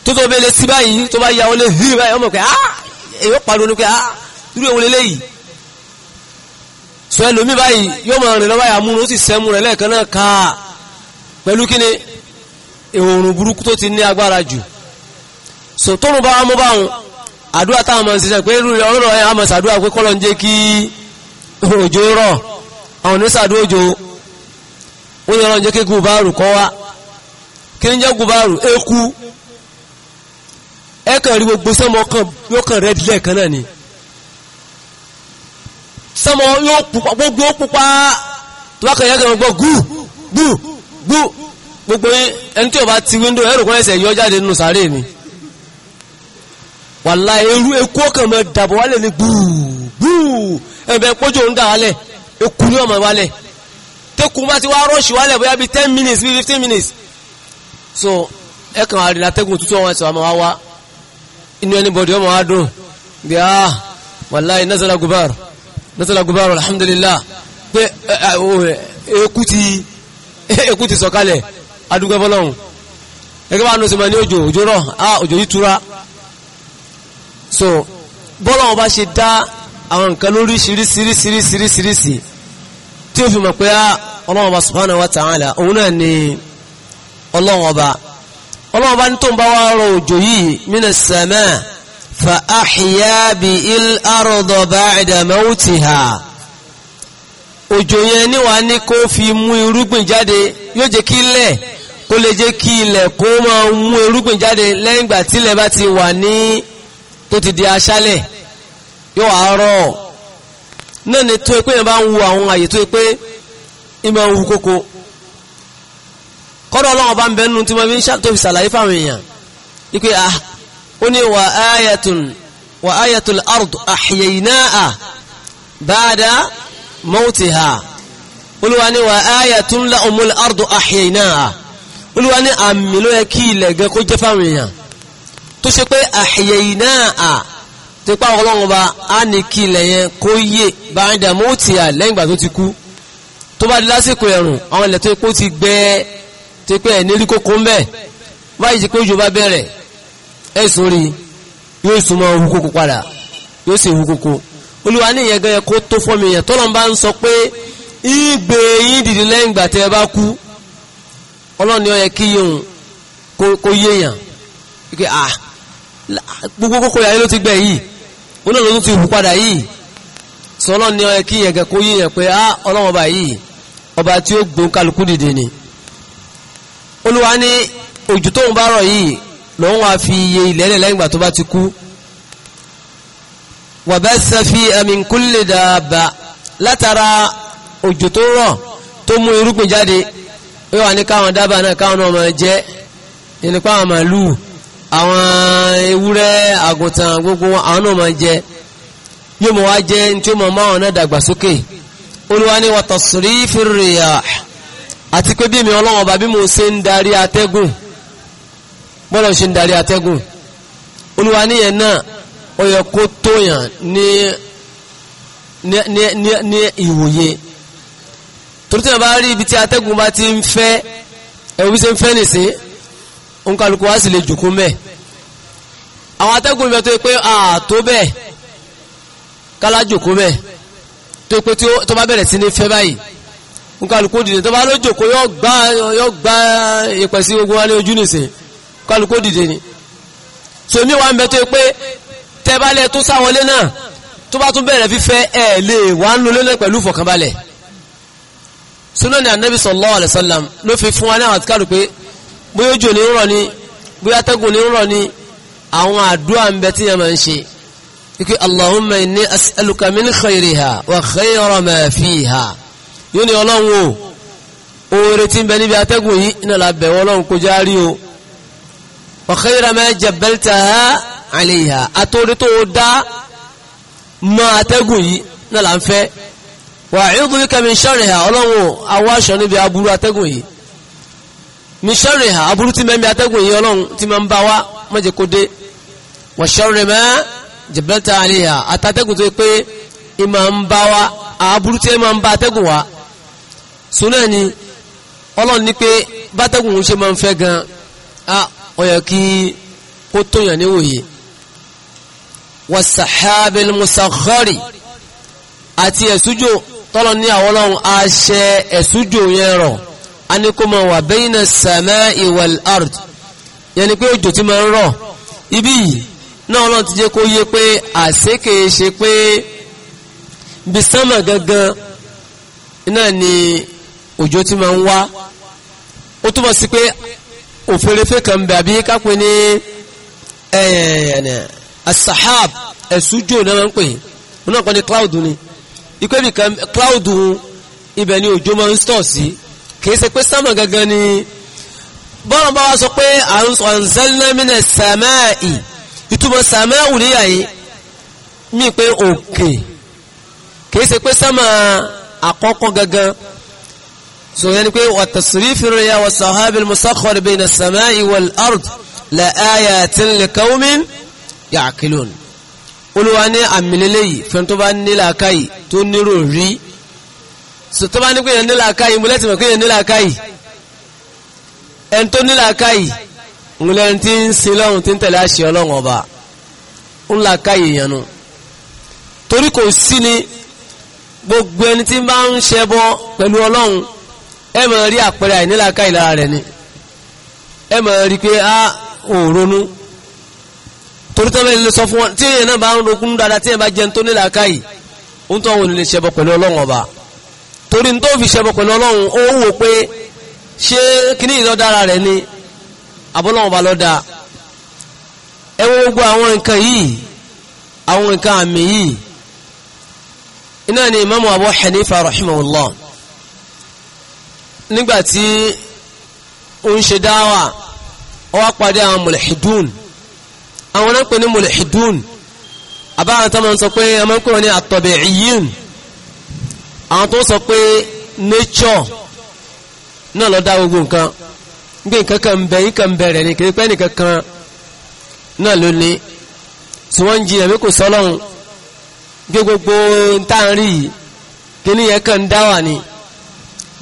tó tó bẹ́ẹ̀ lé sí báyìí tó bá ya wọlé hí báyìí ọmọ pé á ah! èyí ó pariwo ni pé á ah! irú èwo lélẹ́yìí sọ ẹlòmí báyìí yóò máa rìn lọ́wọ́ àmúrun ó sì sẹ́mu rẹ̀ lẹ́ẹ̀kan náà káà pẹ̀lú kíni oorun burúkú tó ti ní agbára jù so tóun bá wà mú báwọn àdúrà táwọn máa ń ṣiṣẹ́ pé irú ọlọ́rọ̀ ẹ̀ àmọ̀ sàdúrà pé kọ́lọ́ ń jẹ́ kí òjò rọ̀ àwọn onísàdó òjò wọ́n yọ ọlọ́njẹ́ kí gùbárù kọ́ wá kí ń jẹ́ gùbárù eku ẹ̀kàn rí gbogbo sọ́mọ kan yóò kàn rẹ̀ dílẹ̀ kan náà ni sọ́mọ yóò pupa gbogbo pupa tó bá kàn yẹ́ kàn gbọ́ gù gù gù gbogbo ẹni tí ó bá ti wíńdò ẹ̀rù kan ẹsẹ̀ yọ jáde nínú sàárè ni wàlá eru eku ọkàn mọ́ dàbọ̀ wálé ní gbùù gbùù ẹ̀bẹ̀ kójò ń dà wálẹ̀ eku ní ọmọ wálẹ̀ tẹ́kùn bá ti wá rọ́ọ̀ṣì wálẹ̀ bóyá bíi ten minutes bíi fifteen minutes so ẹ àrìnà tẹ́kùn tuntun wọn ti wà máa wá inú anybody ọmọ wa bí a ah, wàláyé nasala gubar nasala gubar alhamdulillah pé eh, eh, oh, eku ti <laughs> eku àwọn nǹkan lórí ṣiríṣiríṣiríṣiríṣi tí ó fi mọ̀ pé ah, ọlọ́run ọba subhanahu wa ta'ala òun náà ni ọlọ́run ọba ọlọ́run ọba ní tó ń bá wá rọ òjò yìí minas samaa fa ahya bil arda ba'da mawtiha òjò yẹn níwàá ní kó fi mú irúgbìn jáde yóò jẹ́ kí ilẹ̀ kó lè jẹ́ kí ilẹ̀ kó máa mú irúgbìn jáde lẹ́yìn ìgbà tílẹ̀ bá ti wà ní tó ti di aṣálẹ̀ yóò wá rọ̀ náà ni tó pé yẹn bá ń wo àwọn àyè tó pé ìmọ̀ ń hu kókó kọ́dọ̀ ọlọ́run bá ń bẹ nínú tí wọ́n fi ń ṣàtòfi ṣàlàyé fáwọn èèyàn ipe a ó ní wà áyàtùn wà áyàtùn ard àhìyẹ̀yìnáà báadá mọ́tìhà olúwa ní wà áyàtùn láòmùl ard àhìyẹ̀yìnáà olúwa ní àmì ló yẹ kí ilẹ̀ gan kó jẹ́ fáwọn èèyàn tó ṣe pé àhìyẹ̀yìnáà tó pa ọlọ́run ọba á ní kí ilẹ̀ yẹn kó yé bá ń dààmú ó ti à lẹ́yìn ìgbà tó ti kú tó bá di lásìkò ẹ̀rùn àwọn ilẹ̀ tó epo ti gbẹ tó pẹ́ ẹ̀ nílí kókó mbẹ́ báyìí ti pé ojú bá bẹ̀rẹ̀ ẹ̀ sórí yóò sún mọ́ kókó padà yóò sì owó kókó olúwa ní ìyẹn gẹ́gẹ́ kó tó fọ́ mi yẹn tọ́lọ́n bá ń sọ pé ìgbè yín dìde lẹ́yìn ìgbà tẹ́ ẹ bá kú ọlọ́ni ó yẹ ah, gbogbo kókó yàrá ló ti gbẹ yìí wọn náà ló ti hù padà yìí sọlọ ní ọyẹ kí yẹn kó yíyan pé á ah, ọlọ́wọ́n bá yìí ọba tí ó gbó kálukú dìde ni olúwa ní òjò tóun bá rọ̀ yìí lòun wá fi iye ìlẹ́lẹ̀ lẹ́yìn ìgbà tó bá ti kú wàbẹ́sẹ̀ fi min kulli dabba látara òjò tó rọ̀ tó mú irúgbìn jáde wíwá ní káwọn dábàá náà káwọn náà máa jẹ ìnípa àwọn màálù àwọn ewúrẹ́ àgùntàn gbogbo àwọn náà máa jẹ yóò mọ̀ wá jẹ́ tí ó mọ̀ máwọn náà dàgbàsókè olúwa ní wọ́tọ̀ sórí fìrìyà àti pé bí mi ọlọ́wọ́n bàbí mo ṣe ń darí atẹ́gùn bọ́lá ṣe ń darí atẹ́gùn olúwa níyẹn náà ó yẹ kó tóyàn ní ní ní ní ìwòye torí bá rí ibi tí atẹ́gùn bá ti ń fẹ́ ẹ̀wọ́n bí ṣe ń fẹ́ nìsín òǹkàlùkù wá sì lè jòkó mẹ́ àwọn atẹ́gùn ìbẹ̀ tó yẹ pé ààtó bẹ́ẹ̀ kálá jòkó mẹ́ tó pé tó bá bẹ̀rẹ̀ sí ní fẹ́ báyìí òǹkàlùkù dìde tó bá ló jòkó yóò gbá ìpẹ̀ sí ogun wa ní ojú nìsín òǹkàlùkù dìde ni tòmí wa ń bẹ tó yẹ pé tẹ́bálẹ̀ tó sáwọlé náà tó bá tún bẹ̀rẹ̀ fífẹ́ ẹ̀ lè wà ń lólé náà pẹ̀lú ìfọ̀kànbalẹ̀ súnà ní anábì sallallahu alaihi wasallam ló fi fún wa ní àwọn àtikáàlù pé bóyá òjò ní ń rọ̀ ni bóyá atẹ́gùn ní ń rọ̀ ni àwọn àdúrà ń bẹ tí yẹn máa ń ṣe ike allahumma inni as'aluka min khayriha wa khayra ma fiha yóò ní ọlọ́run o oore tí ń bẹ níbi atẹ́gùn yìí iná la bẹ̀ wọ́n ọlọ́run kó járí o wa khayra ma jabbaltaha alayha atóore tó dá mọ́ atẹ́gùn yìí iná la ń fẹ́ wà á ìdúró kẹ́mi sharriha ọlọ́run awọ́ aṣọ níbi aburú atẹ́gùn yìí min ha aburú tí mẹ́mí atẹ́gùn yìí ọlọ́run tí ma ń bá wá mọ́jẹ́ kó dé wa sharri ma jabalta alayha atẹ́gùn tó pé ìmà ń bá wá aburú tí ma ń bá atẹ́gùn wá súnà ni ọlọ́run ní pé bátẹ́gùn ṣe ma ń fẹ́ gan a ọ̀yọ̀ kí ó tóyàn níwòye wa sahabil musakhari àti ẹ̀sújò tọ́lọ ní àwọn ọlọ́run àṣẹ ẹ̀sújò yẹn rọ̀ a ní kó máa wà bayna as ard yẹn ni pé òjò tí máa ń rọ̀ ibí yìí náà ọlọ́run ti jẹ́ kó yé pé àṣekè ṣe pé bisama gangan náà ni òjò tí máa ń wá ó túmọ̀ sí pé òfèrèfé kan bẹ̀ àbí kápẹ́ ní asahab ẹ̀sùjò náà máa ń pè náà kọ́ ni cloud ni ikú ẹ̀bì kan cloud ibẹ̀ ni òjò máa ń stọ̀ sí. Si kìí ṣe pé sánmà gangan ni bọ́ọ̀lù bá wá sọ pé àǹsọ̀nzẹ́lẹ́mìnà sàmáì ìtumọ̀ sàmáì níyà yìí mí pé òkè kìí ṣe pé sánmà àkọ́kọ́ gangan so yẹni pé wàtàsírífì rẹ̀ wà sàhábìl musakhkhar bayna sàmáì wal ard la ayatin li qaumin ya'qilun olúwa ní àmì lélẹ́yìí fẹ́ntọ́ bá nílà tó nírò rí so tó bá ní pé yẹn nílà káyì mo lẹ́tìmọ̀ pé yẹn nílà káyì ẹni tó nílà káyì mo lẹ́ni tí ń sin lọ́run tí ń tẹ̀lé àṣẹ ọlọ́run ọba ńlá káyì yẹn torí kò sí ni gbogbo ẹni tí bá ń ṣẹbọ pẹ̀lú ọlọ́run ẹ máa rí àpẹẹrẹ àìnílà káyì lára rẹ̀ ni ẹ máa rí pé a ò ronú torí tó bẹ́ẹ̀ lè sọ fún wọn tí èèyàn náà bá ń ronú dáadáa tí èèyàn bá jẹun tó nílà káyì ń tọ́ wọn lè torí tó fi ṣẹbọ pẹ̀lú ọlọ́run ó wò pé ṣé kíní ìlọ́dára rẹ̀ ni àbọ́lọ́run bá da, ẹ wo gbogbo àwọn nǹkan yìí àwọn nǹkan àmì yìí iná ni Imam Abu Hanifa rahimahullah nígbàtí ó ń ṣe dáwà ó wá pàdé àwọn mulhidun àwọn náà pè ní mulhidun àbáwọn tó máa ń sọ pé ọmọkùnrin ni at-tabi'iyyin àwọn tó sọ pé nature náà lọ dá gbogbo nǹkan gbé nǹkan kan bẹ yín kan bẹ̀rẹ̀ ní kí pẹ́ nìkan kan náà ló ní tí wọ́n ń jiyàn bí kò sọ́lọ́hun gbé gbogbo táàrí yìí kí ní yẹn kan dá wà ní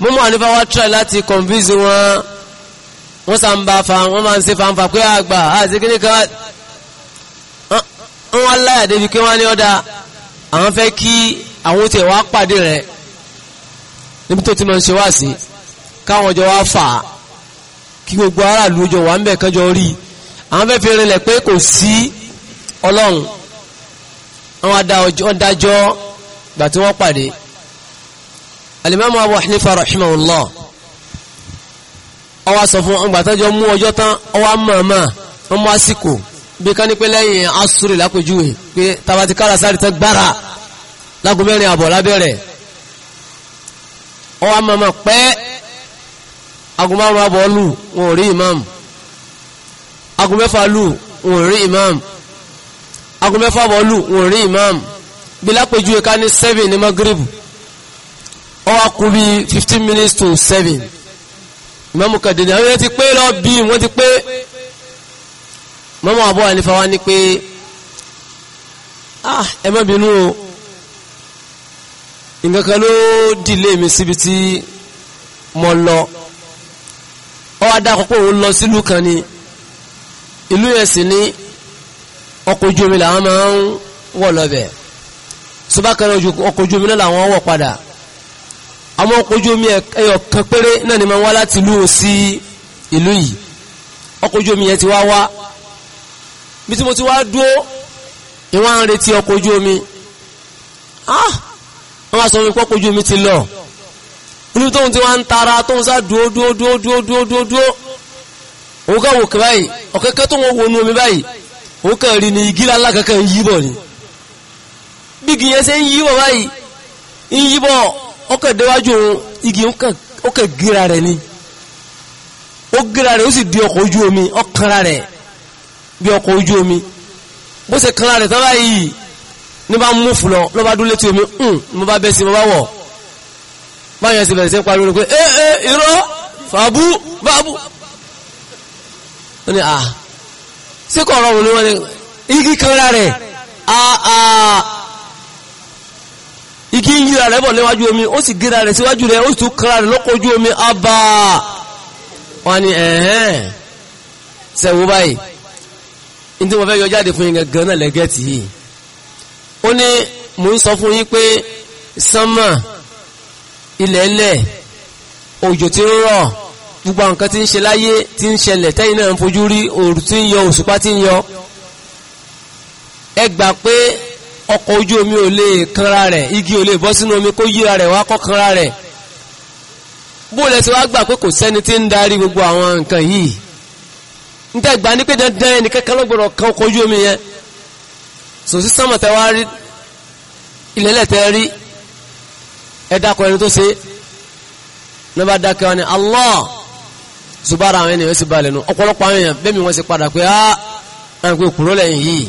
mọ́mọ́ ànífà wá try láti convince wọn wọ́n sá ń bá fa wọ́n máa ń ṣe fanfa pé àgbà àti kí ní kan wọ́n wá láyà débi pé wọ́n ní ọ̀dà àwọn fẹ́ kí àwọn tiẹ̀ wá pàdé rẹ̀ níbi tó ti máa ń ṣe wá sí káwọn jọ wá fà á kí gbogbo aráàlú jọ wà ń bẹ̀ kánjọ rí àwọn fẹ́ fi rinlẹ̀ pé kò sí ọlọ́run àwọn adájọ́ gbà tí wọ́n pàdé alimami abu hanifa rahimahullah ọwọ́ sọ fún ọgbà mú ọjọ́ tán ọwọ́ mọ̀ọ́mọ́ wọ́n àsìkò bí ká ní pé lẹ́yìn asúrì lápèjúwe pé tabatikara sáré tán gbára lágùnmẹ́rin àbọ̀ lábẹ́rẹ̀ ọwọ́ amọ̀mọ̀ pẹ́ agun márùn abọ̀ lù wọn ò rí imam agun mẹ́fà lù wọn ò rí imam agun mẹ́fà bọ̀ lù wọn ò rí imam bí lápẹjú ẹ̀ka ní 7 ní magrib ọwọ́ kú bí 15 minutes to 7 imam kàdínlẹ̀ àwọn ti pé lọ bí wọ́n ti pé mọ́mọ́ àbọ̀ ànífà wá ní pé ah, ẹ má bínú o nǹkan kan ló dìlé mi síbi tí mo lọ ọ wá dákọ̀ pé òun lọ sílùú kan ni ìlú yẹn sì ní ọkọ̀ ojú omi làwọn máa ń wọ̀ lọ́bẹ̀ sọ́bàkàrẹ̀ ọkọ̀ ojú omi náà làwọn wọ̀ padà àwọn ọkọ̀ ojú omi ẹyọ kan náà ni máa ń wá láti ìlú sí ìlú yìí ọkọ̀ ojú omi yẹn ti wá wá bí tí mo ti wá dúró ìwọ̀n retí ọkọ̀ ojú omi ah wọ́n wá sọ fún mi pọ́ kojú mi ti lọ inú tóun ti wá ń tara tóun sá dúó dúó dúó dúó dúó dúó dúó òun kàn wò kí báyìí ọ̀kẹ́kẹ́ tó wọ́n wọnú omi báyìí òun kàn rí ni igi lálá kankan ń yíbọ̀ ni bí igi yẹn ṣe ń yíbọ̀ báyìí ń yíbọ̀ ọkàn déwájú òun igi ó kàn gíra rẹ̀ ni ó gíra rẹ̀ ó sì di ọkọ̀ ojú omi ọkànra rẹ̀ bí ọkọ̀ ojú omi bó ṣe kanra rẹ̀ tán báyìí ní bá mú fùlọ ló bá dún létí omi ń hmm, mo bá bẹ́ sí mo bá wọ̀ báyọ̀ sí bẹ̀rẹ̀ sí parí orin pé ẹ eh, ẹ eh, irọ́ fàbú bábú ó ní sí kọ̀ ọ̀rọ̀ òun ni wọ́n ní igi kan ra rẹ̀ àà ah, ah. igi ń yíra rẹ̀ bọ̀ níwájú omi ó sì gíra rẹ̀ síwájú rẹ̀ ó sì tún kan rẹ̀ lọ́kọ̀ ojú omi àbà wọ́n ní ẹ̀hẹ́n sẹ́wọ́ báyìí ní tí mo fẹ́ yọ jáde fún yín gan-an lẹ́gẹ́tì yìí ó ní mò ń sọ fún yín pé sánmà ilẹ̀ẹ́lẹ̀ òjò tí ń rọ̀ gbogbo nǹkan tí ń ṣe láyé tí ń ṣẹlẹ̀ tẹ́yìn náà ń fojú rí òòrùn tí ń yọ òṣùpá tí ń yọ ẹ gbà pé ọkọ̀ ojú omi ò lè kanra rẹ̀ igi ò lè bọ́ sínú omi kó yíra rẹ̀ wá kọ́ kanra rẹ̀ bó lẹ ti wá gbà pé kò sẹ́ni tí ń darí gbogbo àwọn nǹkan yìí ń tẹ́ gbà ní pé dandan ẹnìkan kan lọ́gbọ̀rọ̀ kan ọkọ̀ ojú omi yẹn sòsí sánmà tẹ wá rí ilẹ̀lẹ̀ tẹ rí ẹ dákọ ẹni tó ṣe ní bá dákẹ́ wọn ni Allah zubara àwọn ènìyàn sì balẹ̀ nù ọ̀pọ̀lọpọ̀ àwọn èèyàn bẹ́ẹ̀ mi wọ́n sì padà pé ah àwọn ìpè kúrò lẹ́yìn yìí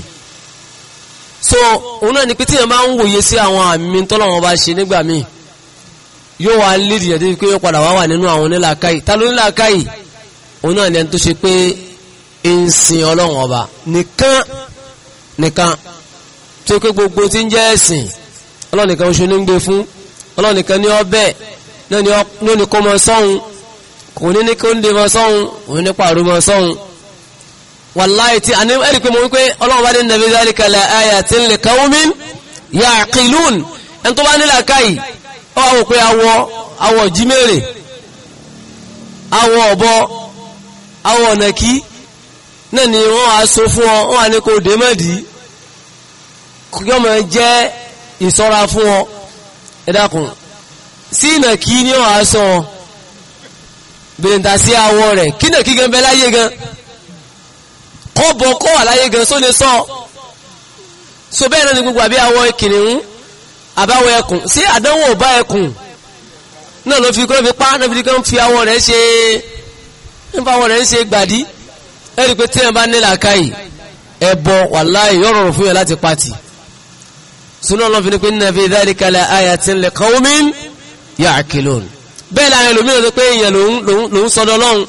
so òun náà ni pé tíyẹn máa ń wòye sí àwọn àmì tọ́lọ́wọ́n bá ṣe nígbà míì yóò wá lédi yẹn débi pé yóò padà wá wà nínú àwọn onílàákàyè ta ló nílàákàyè òun náà ni ẹni tó ṣe pé ń sin ọlọ́wọ́n ọba nìkan nìkan tó pé gbogbo tí ń jẹ́ ẹ̀sìn ọlọ́run nìkan oṣù ní ń gbé fún ọlọ́run nìkan ní ọbẹ̀ náà ní ó ní kó mọ sọ́hun kò ní ní kó ń de mọ sọ́hun kò ní ní pààrọ̀ mọ sọ́hun wàláyé tí àní ẹ̀rí pé mo wípé ọlọ́run bá ní nàbí zálika la ayatin li qaumin yaqilun ẹni tó bá nílà káyì ó wà wò pé awọ awọ jímèrè awọ ọ̀bọ awọ ọ̀nàkí náà ni wọ́n wá so fún ọ wọ́n wá ní kó dé mọ́dìí yọ́ mọ̀ jẹ́ ìṣọ́ra fún ọ ẹ dákun sí ìnàkí ní ọ̀ aṣọ bèrèǹtà sí awọ rẹ̀ kí náà kí gan bẹ láyé gan kọ́ bọ̀ kọ́ wà láyé gan só lè sọ so bẹ́ẹ̀ náà ni gbogbo àbí awọ kìnìún àbáwọ ẹkùn sí àdánwò ọba ẹkùn náà ló fi kọ́ fi pa náà fi kọ́ fi awọ rẹ̀ ṣe nípa awọ rẹ̀ ṣe gbàdí ẹ̀rí pé tí ẹ̀ bá nílà káyì ẹ̀bọ wàláì yọ̀rọ̀ fún yẹn láti pàtì sunu ọlọ́run fi ni pé inna fi dhalika la ayatin li qawmin ya'qilun bẹ́ẹ̀ la ẹlòmí ló pé èèyàn lòún sọdọ lọ́hùn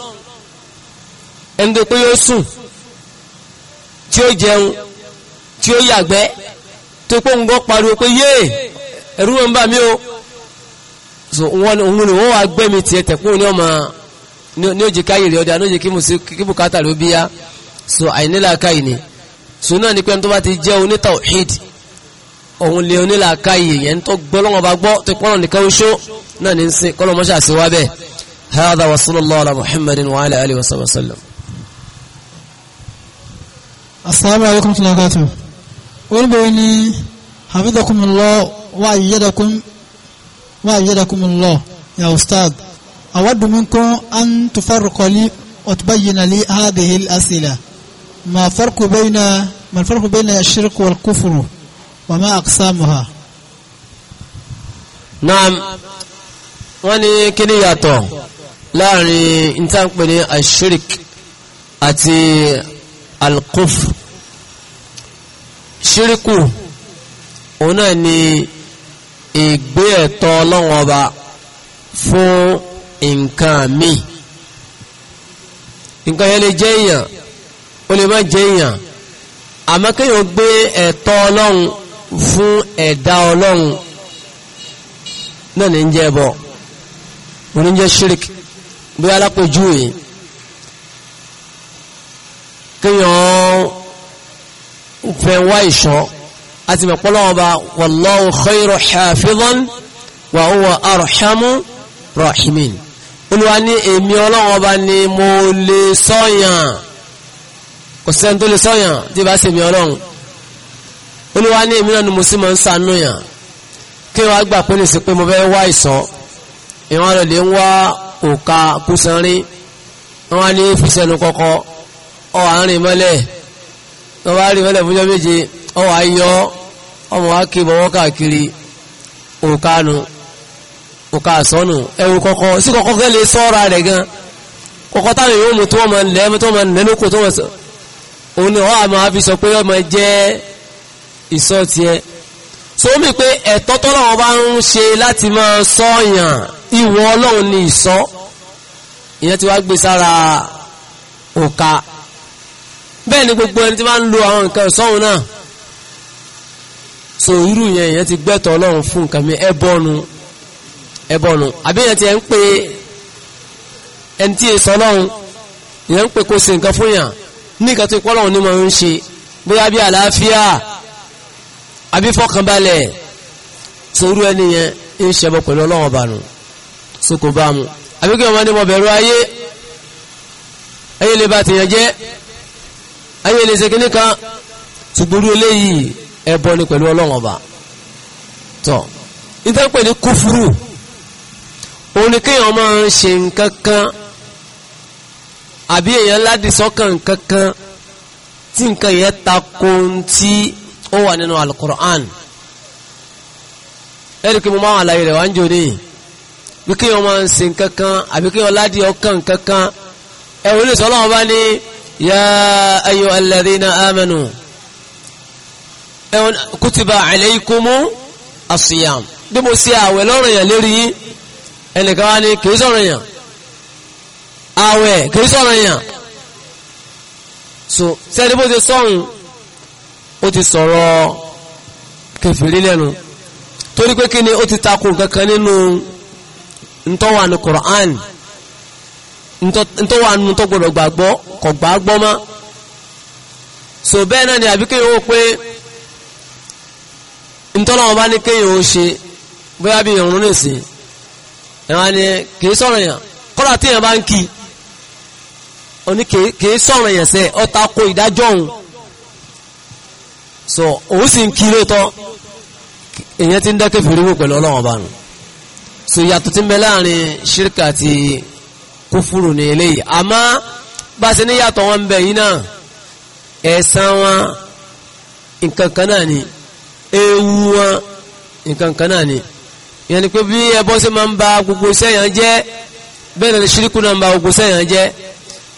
ẹni tó pé yóò sùn tí ó jẹun tí ó yàgbẹ́ tó pé òun gbọ́ pariwo pé yéè ẹ̀rú wọn bá mi o so wọn òun ni wọn wá gbẹ́ mi tiẹ̀ tẹ̀kún ní ọmọ ní òjì káyì rí ọdẹ àníòjì kí bùkátà ló bí yá so àìnílàákàyì ni so náà ni pé ẹni tó bá ti jẹ́ onítàwhídì òun lè onílàákàyè yẹn tó gbọ́ lọ́wọ́ bá gbọ́ tó pọ́nà nìkan oṣó náà ní sin kọ́lọ́ mọ́ṣá sí wá bẹ́ẹ̀ hadha wa sallallahu ala muhammadin wa ala alihi wa sallam. asalaamu alaykum wa rahmatulahi olùbẹ̀wò ni hafidakumullah wa ayyadakum wa ayyadakumullah ya ustaz awaddu minkum an tufarriqu li wa tubayyana li hadhihi asila ma farqu bayna ma farqu bayna ash wal kufr وما أقسامها نعم واني كني ياتو láàrin ìtàn pè ní ashirik àti alkuf ṣíríkù òun náà ni ìgbé ẹ̀tọ́ ọlọ́run ọba fún nǹkan míì nǹkan yẹn lè jẹ́ èèyàn ó lè má jẹ́ èèyàn àmọ́ kéèyàn gbé ẹ̀tọ́ ọlọ́run fún ẹ̀dá ọlọ́run náà ní ń jẹ́ ẹbọ òní ń jẹ́ shirik bí alápèjú yìí kéèyàn fẹ́ wá ìṣọ́ àti mẹ́pọ́lọ́ ọba wallahu khayru hafizan wa huwa arhamu rahimin olúwa ní èmi ọlọ́run ọba ni mo lè sọ́yàn kò sẹ́ni lè sọ́yàn tí bá ṣèmi ọlọ́run olúwa ní èmi náà ni mo sì máa ń sànú yàn kí wọ́n gbà pé nìsí pé mo fẹ́ wá ìsọ́ ìwọ́n rẹ̀ lè ń wá òka kúsanrín wọ́n á ní fìsẹ́nu kọ́kọ́ ọwọ́ àárín mọ́lẹ̀ wọ́n bá rí mọ́lẹ̀ fúnjọ́ méje ọwọ́ ayọ́ ọmọ wa kí bọ́wọ́ káàkiri òka nu òka àsọ́nù ẹ̀wù kọ́kọ́ sí kọ́kọ́ kẹ́ lè sọ́ra rẹ̀ gan kọ́kọ́ táwọn èèyàn mú tó wọ́n máa lẹ́ẹ̀mú tó wọ́n máa lẹ́ẹ̀mú kó tó wọ́n máa sọ ìsọ tiẹ̀ so ó mi pé ẹ̀tọ́ tọ́lọ́wọ́ bá ń ṣe láti máa sọ yàn ìwọ ọlọ́run ni ìsọ ìyẹn ti wá gbé sára òka bẹ́ẹ̀ ni gbogbo ẹni tí wọ́n ń lo àwọn nǹkan ìsọ́hun náà so irú yẹn ìyẹn ti gbẹ́tọ̀ ọlọ́run fún nǹkan mi ẹbọnu ẹbọnu àbí ìyẹn ti ẹ̀ ń pè ẹni tí èso ọlọ́run ìyẹn ń pè kó ṣe nǹkan fún yàn ní ìkàtí ìpọ́lọ́run ni mo ń ṣe bóyá bí àlàáfíà àbí fọkànbalẹ̀ sórú ẹni yẹn ń ṣẹbọ pẹ̀lú ọlọ́wọ́n bá nù so kò bá mu àbí kí ọmọ ní mo bẹ̀rù ayé ayé lè ba tèèyàn jẹ́ ayé lè ṣe kíní kan tùgbúrú eléyìí ẹbọ ni pẹ̀lú ọlọ́wọ́n bá tọ́ nítorí ní kúfúrú òun ni kéèyàn máa ń ṣe nǹkan kan àbí èèyàn ládìsọ́kàn nǹkan tí nǹkan yẹn ta ko tí ó wà nínú alukur'an ẹ̀rí kí mo máa wà láyé rẹ̀ wá ń jò níyì bí kí wọ́n máa ń sin kankan àbí kí wọ́n ládìí ọkàn kankan ẹ̀rù lè sọ ọlọ́wọ́n bá ní yá ayọ̀ alladhina amanu ẹ̀wọ̀n kutiba alaykumu asiyam bí mo ṣe àwẹ̀ lọ́rọ̀ yẹn lérí ẹnìkan wá ní kìí sọ̀rọ̀ yẹn àwẹ̀ kìí sọ̀rọ̀ yẹn so sẹ́ni bó ṣe sọ̀hún ó ti sọ̀rọ̀ kẹfìrí lẹ́nu torí pé kí ni ti takò kankan nínú ntọ́wà ní Qur'an ntọ́wà nínú tó gbọdọ̀ gbàgbọ́ kò gbàgbọ́ so bẹ́ẹ̀ náà ni abikeyi ó pé ntọ́lọ́wọ́n bá ní kéyìn ó ṣe bóyá bí irun nìsín ẹ̀wọ̀n ni kìí sọ̀rọ̀ yàn kọ́lá tí yàn bá ń kí oní kìí sọ̀rọ̀ sẹ́ ìdájọ́ so òun sì ń kí lóòótọ́ èyàn ti ń dá kèfèrí pẹ̀lú ọlọ́run ọba nù so ìyàtọ̀ ti ń bẹ láàrin ṣírkà àti kúfúrù ní eléyìí àmọ́ bá a ṣe ní yàtọ̀ wọn bẹ yìí náà ẹ̀san wọn nǹkan kan náà ni ewu wọn nǹkan kan náà ni ìyẹn ni pé bí ẹbọ ṣe máa ń ba gbogbo sẹ́yàn jẹ́ bẹ́ẹ̀ ni ṣírkù náà ń ba gbogbo sẹ́yàn jẹ́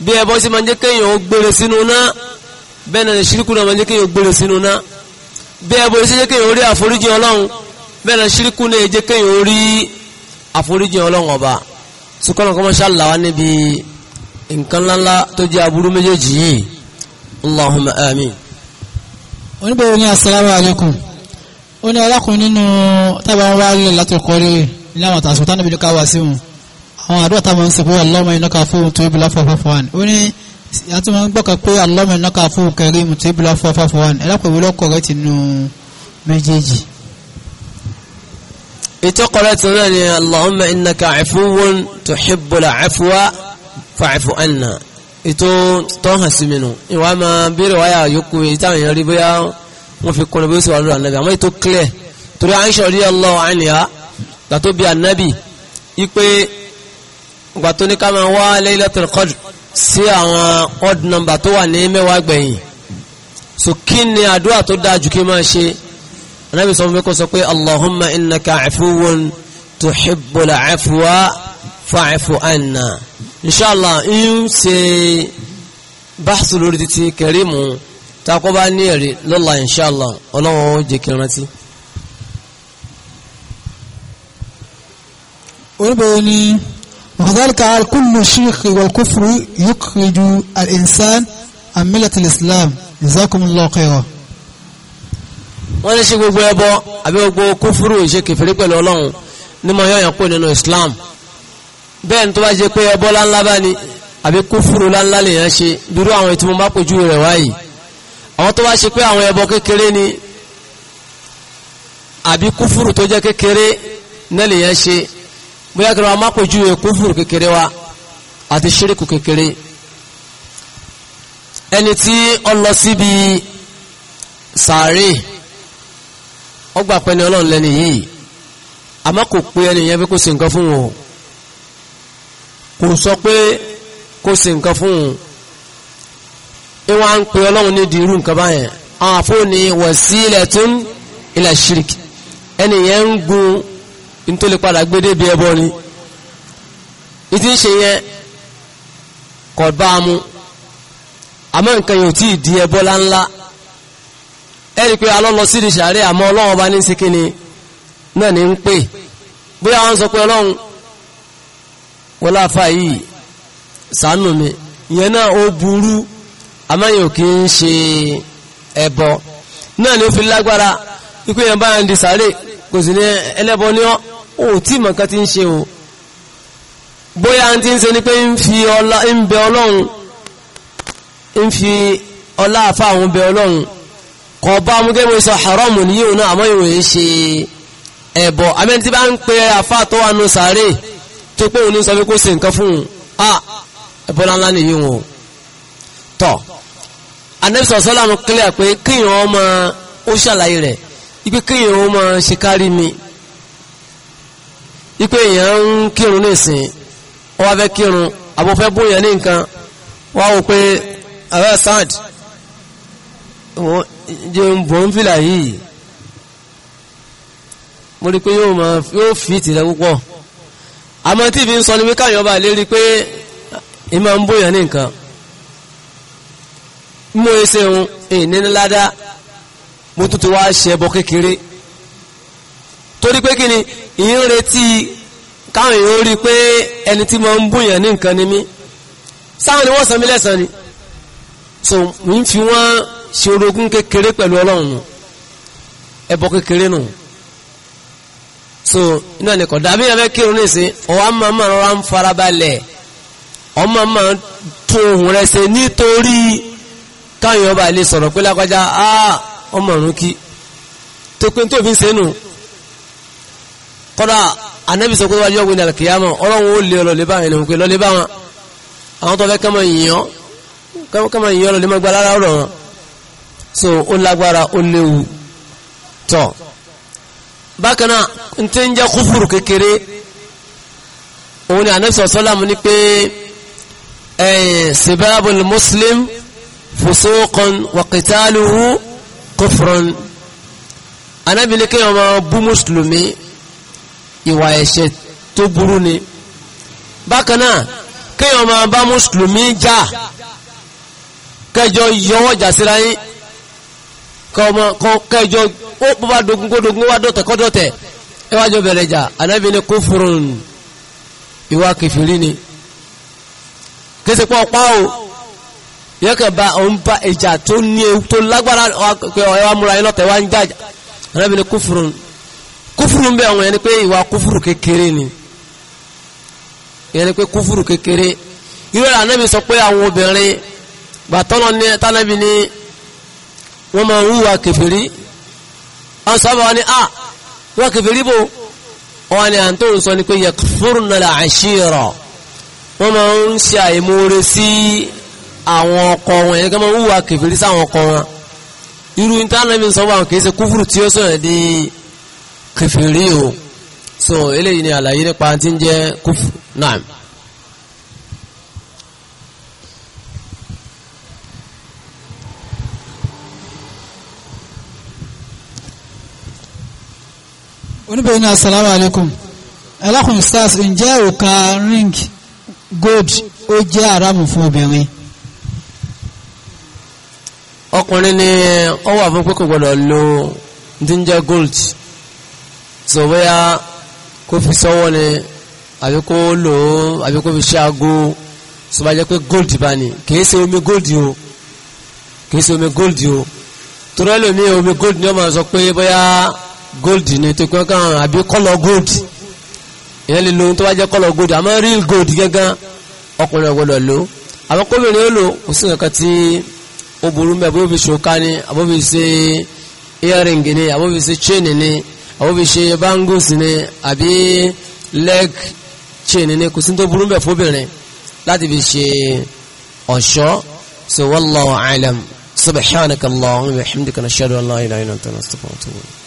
bí ẹbọ ṣe máa ń jẹ́ kéèyàn ó gbére sínú náà bẹ́ẹ̀ náà ṣíríkù náà máa jẹ́ kéèyàn gbèrè sínú náà bí ẹbọ ṣe jẹ́ kéèyàn orí àforíjì ọlọ́run bẹ́ẹ̀ náà ṣíríkù náà jẹ́ kéèyàn orí àforíjì ọlọ́run ọba sukọ́nà kọ́mọ́ ṣàlàwá níbi nǹkan ńláńlá tó jẹ́ aburú méjèèjì yìí allahumma amin. oníbẹ̀rẹ̀ ní asalaamu alaykum ó ní alákùnrin nínú tábà wá lè látòkọ́rí láwọn àtàsùn tánàbí ló ká wá sí wọn àwọn àdúrà táwọn ń sèpọ̀ ọlọ́mọ iná ká tó ibi láfọ̀ọ́fọ́ fún wa ní ìyá tí wọ́n ń gbọ́kà pé alọ́mọ náà kà fún kẹrìmù tí bílá four five one ẹlẹ́pẹ̀wé lọ́kọ̀ rẹ̀ ti nu méjèèjì. ìtọ́kọ̀rẹ́ tí wọ́n ní allahumma innaka afuwun tuhibbul afwa fa'fu anna ètò tọ́hàn sí mi nù ìwà máa béèrè wáyà yòókù èyí táwọn èèyàn rí bóyá wọ́n fi kún un bí ó sì wà lóra nàbì àmọ́ ètò clear torí Aisha radiyallahu anha gbàtó bíi ànábì yí pé gbàtó ní ká máa wá Laylatul Qadr sí àwọn odd number tó wà ní mẹ́wàá gbẹ̀yìn so kí ni àdúrà tó dáa jù kí máa ṣe anábì sọ fún mi kó sọ pé allahumma innaka afuwun tuhibbul afwa fa'fu anna inshallah ń ṣe báṣu lórí títí kẹrìmù takọ́ bá lọ́la inshallah ọlọ́run ó rántí. oníbẹ̀rẹ̀ ni. وكذلك قال كل الشرك والكفر يخرج الإنسان عن ملة الإسلام جزاكم الله خيرا wọ́n ní ṣe gbogbo ẹbọ àbí gbogbo kúfúrú ìṣe kèfèrí pẹ̀lú ọlọ́run ní mọ̀ yọ̀yàn kó nínú Islam bẹ́ẹ̀ ni tó bá jẹ́ pé ẹbọ láńlá bá ní àbí kúfúrú láńlá lèèyàn ṣe dúró àwọn ètò mo bá pòjú rẹ̀ wáyìí àwọn tó bá ṣe pé àwọn ẹbọ kékeré ni àbí kúfúrú tó jẹ́ kékeré náà lèèyàn ṣe bóyá kí wọ́n mápòjú kúfùrù kékeré wa àti ṣíríkù kékeré ẹni tí ọ lọ síbi sàárè ó gbà pé ní ọlọ́run lẹ́ni yìí àmọ́ kò pé ẹni yẹn pé kó ṣe nǹkan fún wọn kò sọ pé kó ṣe nǹkan fún wọn à ń pè ọlọ́run ila ṣíríkì ẹni yẹn ń nítorí padà gbédé bí ẹbọ ni ìtí ń ṣe yẹn kò bá a mu àmọ́ nǹkan yóò tí ì di ẹbọ láńlá ẹ̀rí pé alọ́ lọ sí ìdí sàárẹ̀ àmọ́ ọlọ́run bá ní síkíni náà ní ń pè bóyá wọ́n sọ pé ọlọ́run wọ́n láfa yìí sànù mi ìyẹn náà ó burú àmọ́ yóò kí ń ṣe ẹbọ náà ni ó fi lágbára ikú yẹn bá di sàárè kò sì ní ẹlẹ́bọ ní ọ́ ó tí mọ̀ kan ti ń ṣe o bóyá ti ń ṣe ni pé ń fi ọlá ń bẹ ọlọ́run ń fi ọlá àfa àwọn bẹ ọlọ́run kọ bá mú gẹ́gẹ́ sọ haram ní yíò náà àmọ́ ìwòye ṣe ẹ̀bọ̀ amẹ́ni tí bá ń pe àfa tó wà nù sàárè tó pé òun ní sọ pé kó ṣe nǹkan fún un a ẹ̀bọ̀ ńláńlá nìyí wọn tọ̀ anabi sọ́lá mu kílẹ̀ pé kíyàn ọmọ ó ṣàlàyé rẹ̀ ibi kíyàn ọmọ ṣe kárí mi ipe èèyàn ń kírun nísìn wọ́n fẹ́ kírun àbúfẹ́ bóyàn ní nǹkan wọ́n wò pé ààrẹ sand jẹun bò ń fìlà yìí mo rí pé yóò mọ yóò fi tìrẹ púpọ̀ àmọ́ tí ìfi ń sọ ni wíkà yọba lè rí pé ń ní nǹkan mo ṣe ń ìníníládá mo tún ti wá ṣe ẹbọ kékeré ìyí ń retí káwọn èèyàn rí pé ẹni tí mo ń bùyàn ní nǹkan ni mí sáwọn ni wọ́n ni so mo ń fi wọ́n ṣe orogún kékeré pẹ̀lú ọlọ́run nù kékeré nù so iná ni dàbí ẹ̀fẹ́ ní ìsìn ọ̀wá máa rọra ń farabalẹ̀ ọmọ tún ohun ṣe nítorí káwọn èèyàn bá lè sọ̀rọ̀ pé ọmọ ọ̀run kí tó pé tó fi ń ṣe kọ́dà anabi sọ pé wájú ọ̀gbìn alkiyama ọlọ́run ó lé ọlọ́lẹ́ bá ẹni òkè lọ́lẹ́ bá wọn àwọn tó fẹ́ kẹ́mọ̀ yìnyán kẹ́mọ̀ yìnyán lọ́lẹ́ mọ́ gbalára ọ̀rọ̀ wọn so ó lágbára ó léwu tọ̀ bákan náà n ti ń jẹ́ kúfùrù kékeré òun ni anabi sọ sọ́lá ni pé ẹ̀yìn sibabul muslim fusuqan wa qitaluhu kufrun anabi ni kéèyàn bú mùsùlùmí ìwà ẹ̀ṣẹ̀ tó burú ni bákan náà kéèyàn máa bá mùsùlùmí jà kẹjọ yọwọ́ jà síra yín kẹjọ ó bó bá dogun kó dogun wá dọ̀tẹ̀ kọ́ dọ̀tẹ̀ ẹ bẹ̀rẹ̀ jà anábì ni kufrun ìwà kẹfìrí ni kése pọ̀ pa o yẹ ba òun ba ìjà tó ní ewu tó lágbára ẹ wá múra yín lọ́tẹ̀ wá ń jà anábì ni kufrun kúfùrù ń bẹ àwọn yẹn ni pé ìwà kúfùrù kékeré ni yẹn ni pé kúfùrù kékeré irú ẹ̀rọ anábì sọ pé àwọn obìnrin gbàtọ́nà ní tánábì ni wọ́n máa ń hùwà kẹfìrí àwọn sábà wọn ni a wọ́n kẹfìrí bò wọn ni à ń tó sọ ni pé yakfurna al-ashira wọ́n máa ń ṣe àìmoore sí àwọn ọkọ wọn yẹn kí wọ́n máa ń hùwà kẹfìrí sí àwọn ọkọ wọn irú tánábì sọ wọn kì í ṣe kúfùrù tí ó sọ̀rọ̀ dé. kẹfìrí o so eléyìí ni àlàyé nípa tí ń jẹ́ kúfù náà. oníbẹ̀rẹ̀ ní asalaamu alaykum ẹlẹ́kùn stars ǹjẹ́ òka ring gold ó jẹ́ àràmù fún obìnrin. ọkùnrin ni ó wà fún pé kò gbọdọ̀ lo ti gold. so bóyá kó fi sọ́wọ́ ni àbí kó lò ó àbí kó fi ṣe aago so bá jẹ́ pé gold bá ní kìí ṣe omi gold o kìí ṣe omi gold o torí ẹlòmí omi gold ni wọ́n máa sọ pé bóyá gold ni tó kọ́ kan àbí kọ́lọ̀ gold ìyẹn lè lo ohun tó bá jẹ́ kọ́lọ̀ gold àmọ́ real gold gángan ọkùnrin ọ̀gbọ́dọ̀ lò àwọn kóbìnrin ó lò kò sí nǹkan tí ó burú mẹ́ bó fi ṣòká ni àbó fi ṣe earring ni àbó fi ṣe chain ni àwọn fi ṣe bangles ni àbí leg chain ni kò sí tó burú bẹ̀ fóbìnrin láti fi ṣe ọ̀ṣọ́ so wallahu alam subhanaka allahumma wa bihamdika nashhadu an la ilaha illa anta nastaghfiruka wa natubu ilayk